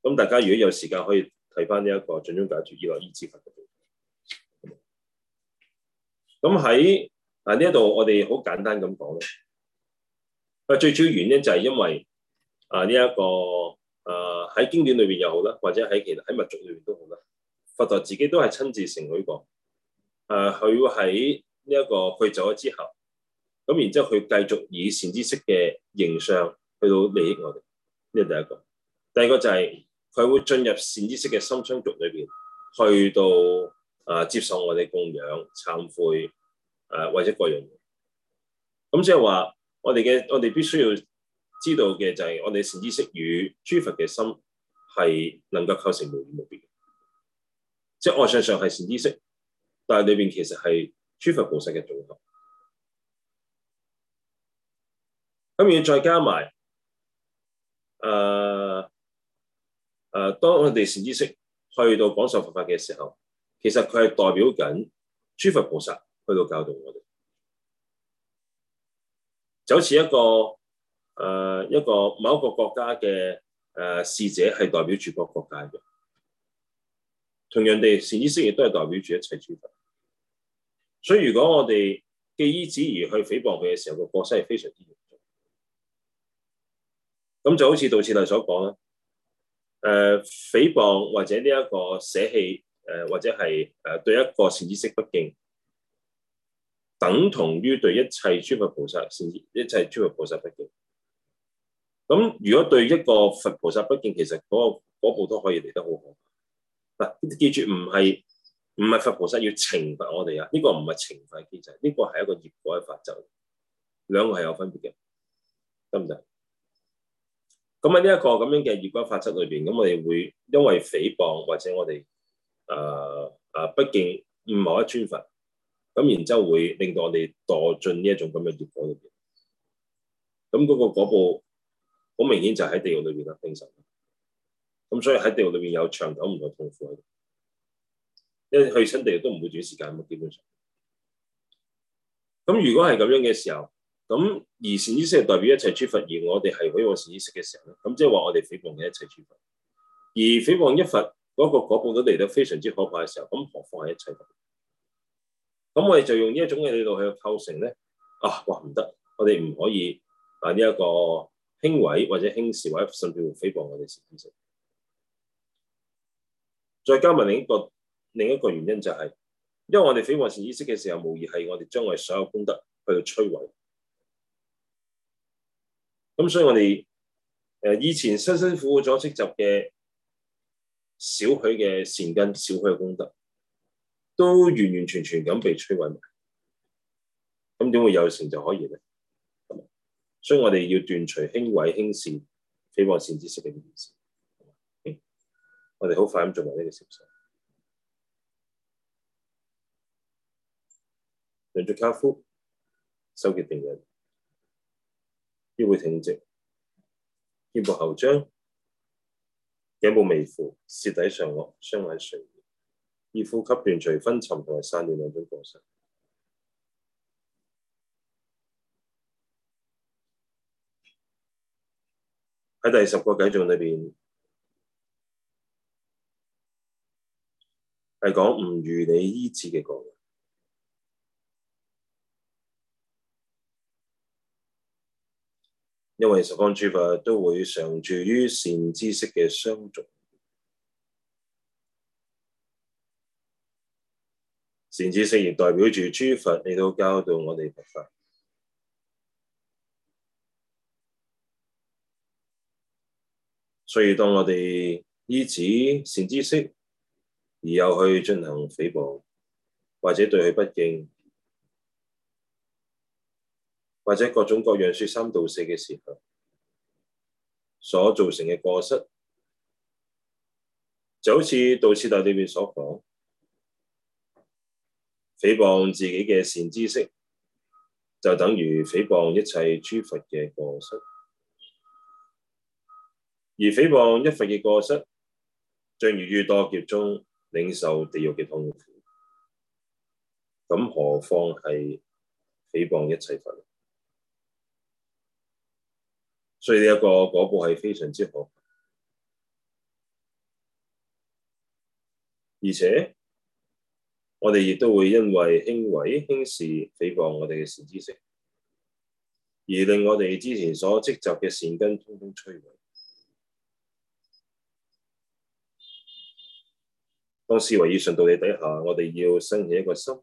咁大家如果有時間，可以睇翻呢一個盡早解決醫學依止法嘅。咁喺啊呢一度，我哋好簡單咁講咯。啊，最主要原因就係因為啊呢一個誒喺經典裏邊又好啦，或者喺其實喺密續裏邊都好啦。佛陀自己都係親自承許過，誒佢會喺呢一個佢、啊這個、走咗之後。咁然之後，佢繼續以善知識嘅形象去到利益我哋，呢個第一個。第二個就係、是、佢會進入善知識嘅心相續裏邊，去到啊、呃、接受我哋供養、懺悔，誒、呃、或者各樣嘢。咁即係話，我哋嘅我哋必須要知道嘅就係、是，我哋善知識與諸佛嘅心係能夠構成無二無別嘅，即係外在上係善知識，但係裏邊其實係諸佛菩薩嘅組合。咁要再加埋，誒、呃、誒、呃，當我哋善知識去到廣授佛法嘅時候，其實佢係代表緊諸佛菩薩去到教導我哋，就好似一個誒、呃、一個某一個國家嘅誒、呃、使者係代表全國各界嘅，同樣地善知識亦都係代表住一切諸佛，所以如果我哋既依止而去誹謗佢嘅時候，這個過失係非常之咁就好似道次第所講啦，誒、呃，誹謗或者呢一個捨棄，誒、呃、或者係誒對一個善知識不敬，等同於對一切諸佛菩薩善知一切諸佛菩薩不敬。咁如果對一個佛菩薩不敬，其實嗰、那個、部都可以嚟得好好。嗱，記住唔係唔係佛菩薩要懲罰我哋啊？呢、這個唔係懲罰機制，呢個係一個業果嘅法則，兩個係有分別嘅，得唔得？咁喺呢一個咁樣嘅業果法則裏邊，咁我哋會因為誹謗或者我哋誒誒不敬某一尊佛，咁然之後會令到我哋墮進呢一種咁嘅業果裏邊。咁嗰個果報好明顯就喺地獄裏邊啦，精神。咁所以喺地獄裏邊有長久唔同痛苦喺度，因為去親地獄都唔會短時間，咁基本上。咁如果係咁樣嘅時候。咁而善知識代表一切諸佛，而我哋係誹謗善知識嘅時候咧，咁即係話我哋誹謗嘅一切諸佛。而誹謗一佛嗰、那個果報、那個、都嚟得非常之可怕嘅時候，咁何況係一切佛？咁我哋就用呢一種嘅理論去構成咧，啊，話唔得，我哋唔可以喺呢一個輕毀或者輕視或者甚至乎誹謗我哋善知識。再加埋另一個另一個原因就係、是，因為我哋誹謗善知識嘅時候，無疑係我哋將我哋所有功德去到摧毀。咁所以我，我哋誒以前辛辛苦苦所積集嘅少許嘅善根、少許嘅功德，都完完全全咁被摧毀埋。咁點會有成就可以咧？所以我哋要斷除輕毀、輕視、誹謗善知識嘅呢件事。我哋好快咁進入呢個程序。有隻卡夫收結定嘅？腰背挺直，肩部後張，頸部微俯，舌抵上腭，雙眼垂，以呼吸斷除昏沉同埋散亂兩種過失。喺 第十個偈頌裏邊係講唔如理依止嘅過失。因為十方諸佛都會常住於善知識嘅相續，善知識亦代表住諸佛，嚟都教導我哋佛法。所以當我哋依止善知識，而又去進行誹謗，或者對佢不敬，或者各種各樣說三道四嘅時候，所造成嘅過失，就好似道次第裏面所講，誹謗自己嘅善知識，就等於誹謗一切諸佛嘅過失。而誹謗一佛嘅過失，將遇於多劫中領受地獄嘅痛苦。咁何況係誹謗一切佛？所以呢一個果報係非常之好，而且我哋亦都會因為輕毀輕視、誹謗我哋嘅善知識，而令我哋之前所積集嘅善根通通摧毀。當思維以上道理底下，我哋要升起一個心，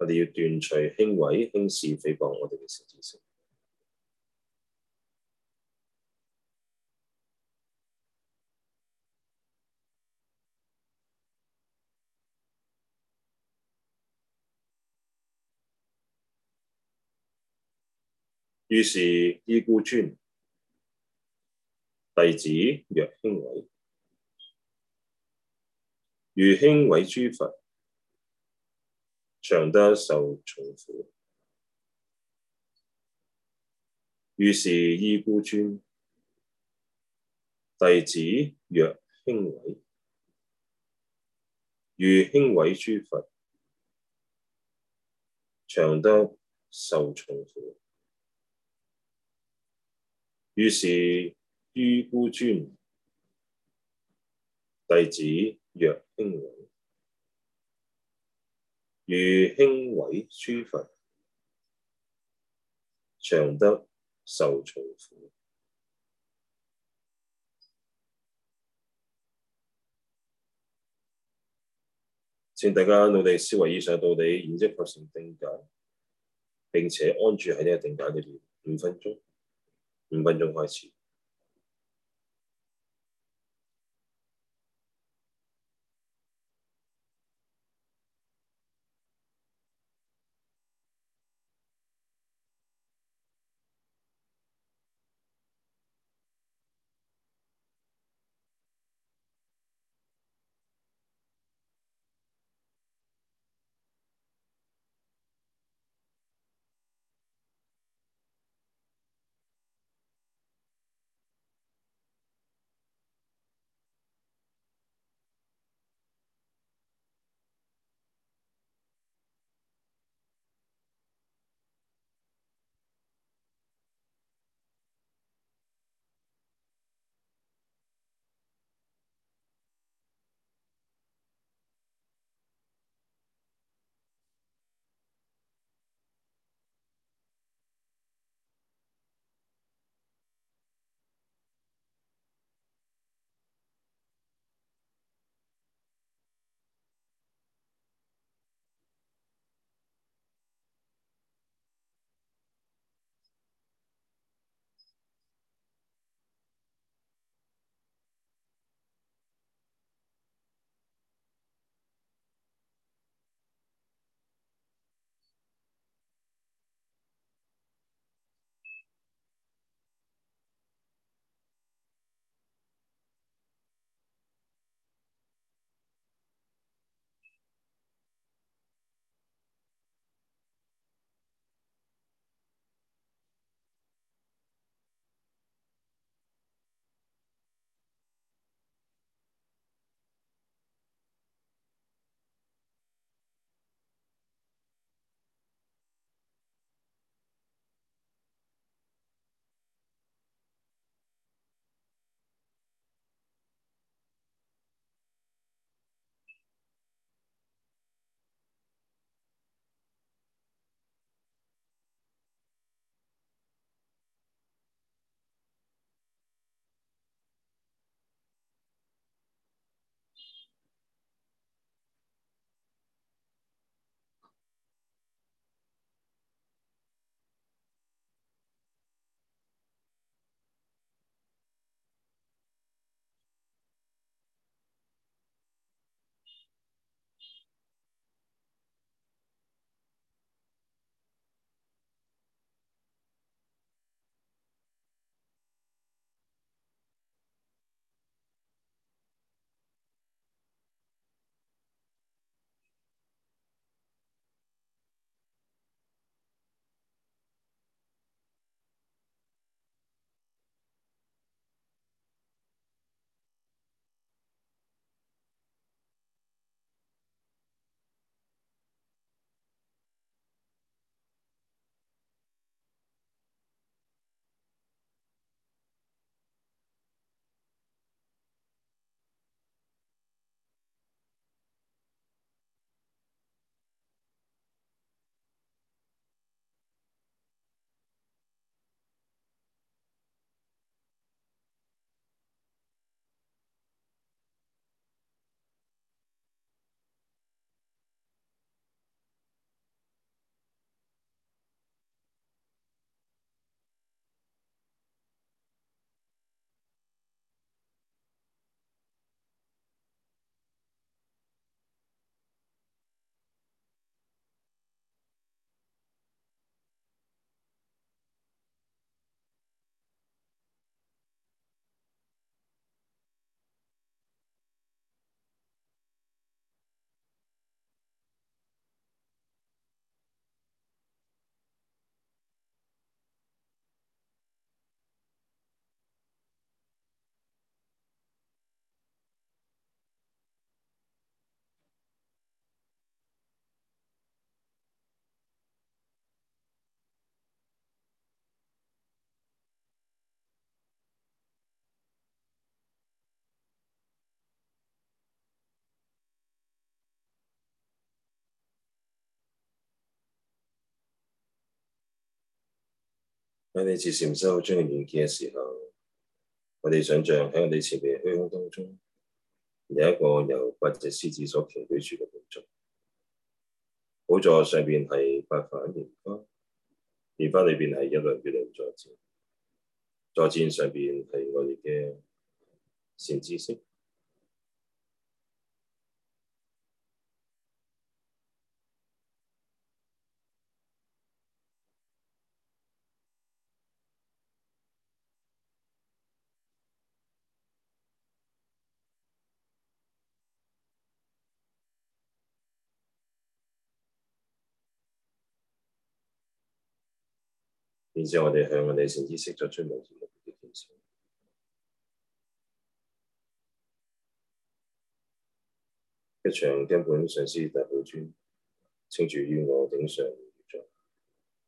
我哋要斷除輕毀輕視、誹謗我哋嘅善知識。於是依怙尊弟子若輕毀，如輕毀諸佛，長得受重苦。於是依怙尊弟子若輕毀，如輕毀諸佛，長得受重苦。於是依怙尊弟子若輕毀，如輕毀諸佛，長得受重苦。請大家努力思維以上，到底演繹法性確定定解，並且安住喺呢個定解裏面五分鐘。五分鐘開始。喺你接禪修將佢完結嘅時候，我哋想象喺我哋前面虛空當中，有一個由八隻獅子所擎舉住嘅寶座。寶座上邊係八瓣蓮花，蓮花裏邊係一輪月亮再戰，再戰上邊係我哋嘅善知識。然之後，我哋向我哋善知識作出無條件嘅敬意。一場根本上師大寶尊，請住於我頂上結座。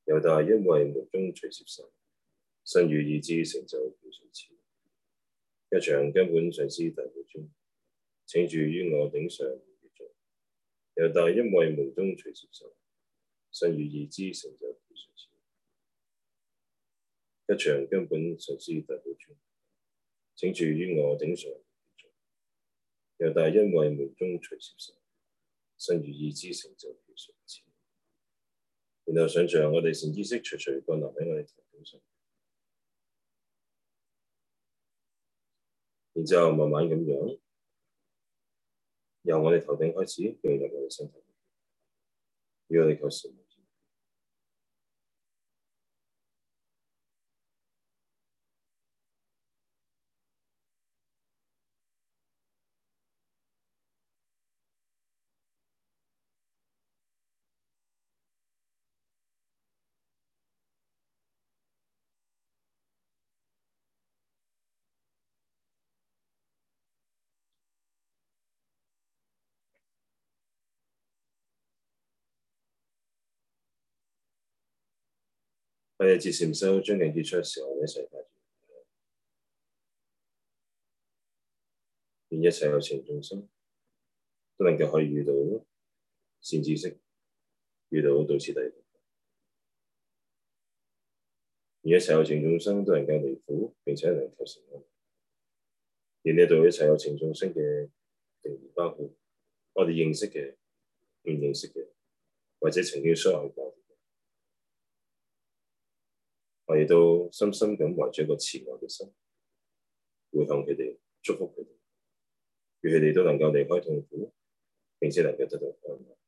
由大一位無中隨攝受，身如意之成就。一場根本上師大寶尊，請住於我頂上結座。由大一位無中隨攝受，身如意之成就。一場根本上師大補中，請注意我頂上，又大因為門中隨攝受，身如意之成就其善智。然後想像，我哋善知識隨隨降喺我哋頭頂上，然之後慢慢咁樣，由我哋頭頂開始用入我哋身體，如果你吸收。第啊，接禪修將近結束嘅時候，一齊發願，願一切有情眾生都能夠可以遇到善知識，遇到道次第。願一切有情眾生都能夠離苦並且能夠成功。願呢度一切有情眾生嘅定義，包括我哋認識嘅、唔認識嘅，或者曾經傷害過。我哋都深深咁懷住一個慈愛嘅心，會向佢哋，祝福佢哋，願佢哋都能夠離開痛苦，並且能夠得到真道。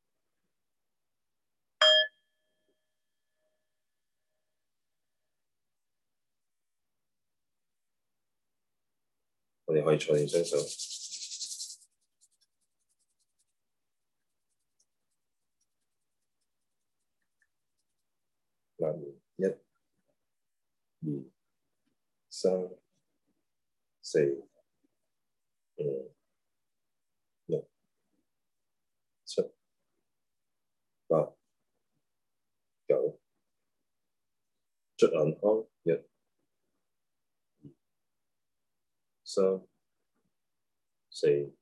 我哋可以坐定相手。三、四、五、六、七、八、九，十、十一、十二、十三、十四。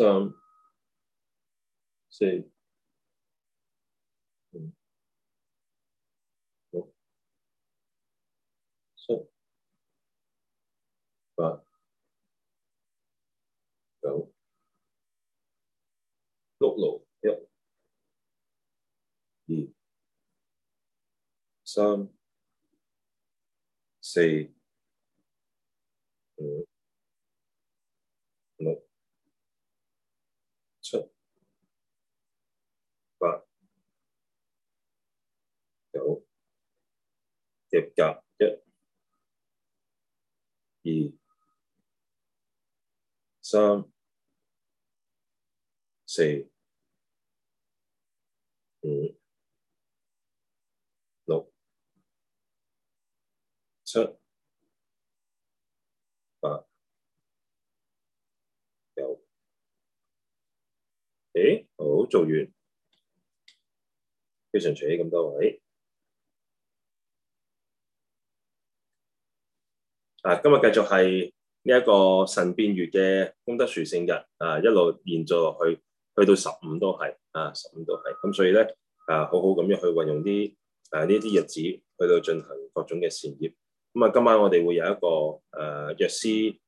三、四、五、六、七、八、九、六、六、一、二、三、四。一、二、三、四、五、六、七、八、九。誒，好，做完。非常謝謝咁多位。啊！今日繼續係呢一個神變月嘅功德殊勝日，啊一路延續落去，去到十五都係，啊十五都係。咁所以咧，啊好好咁樣去運用啲，誒呢啲日子去到進行各種嘅善業。咁啊，今晚我哋會有一個誒、啊、藥師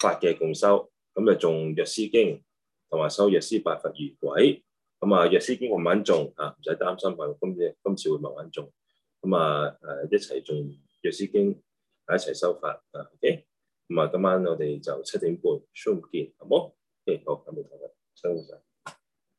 法嘅共修，咁就仲藥師經同埋修藥師八佛儀軌。咁啊，藥師經慢慢種，啊唔使擔心，今次今次會慢慢中。咁啊誒、啊、一齊種藥師經。一齊收發啊，OK，咁啊今晚我哋就七點半，Zoom 見，好冇？OK，好，冇問題，辛苦曬。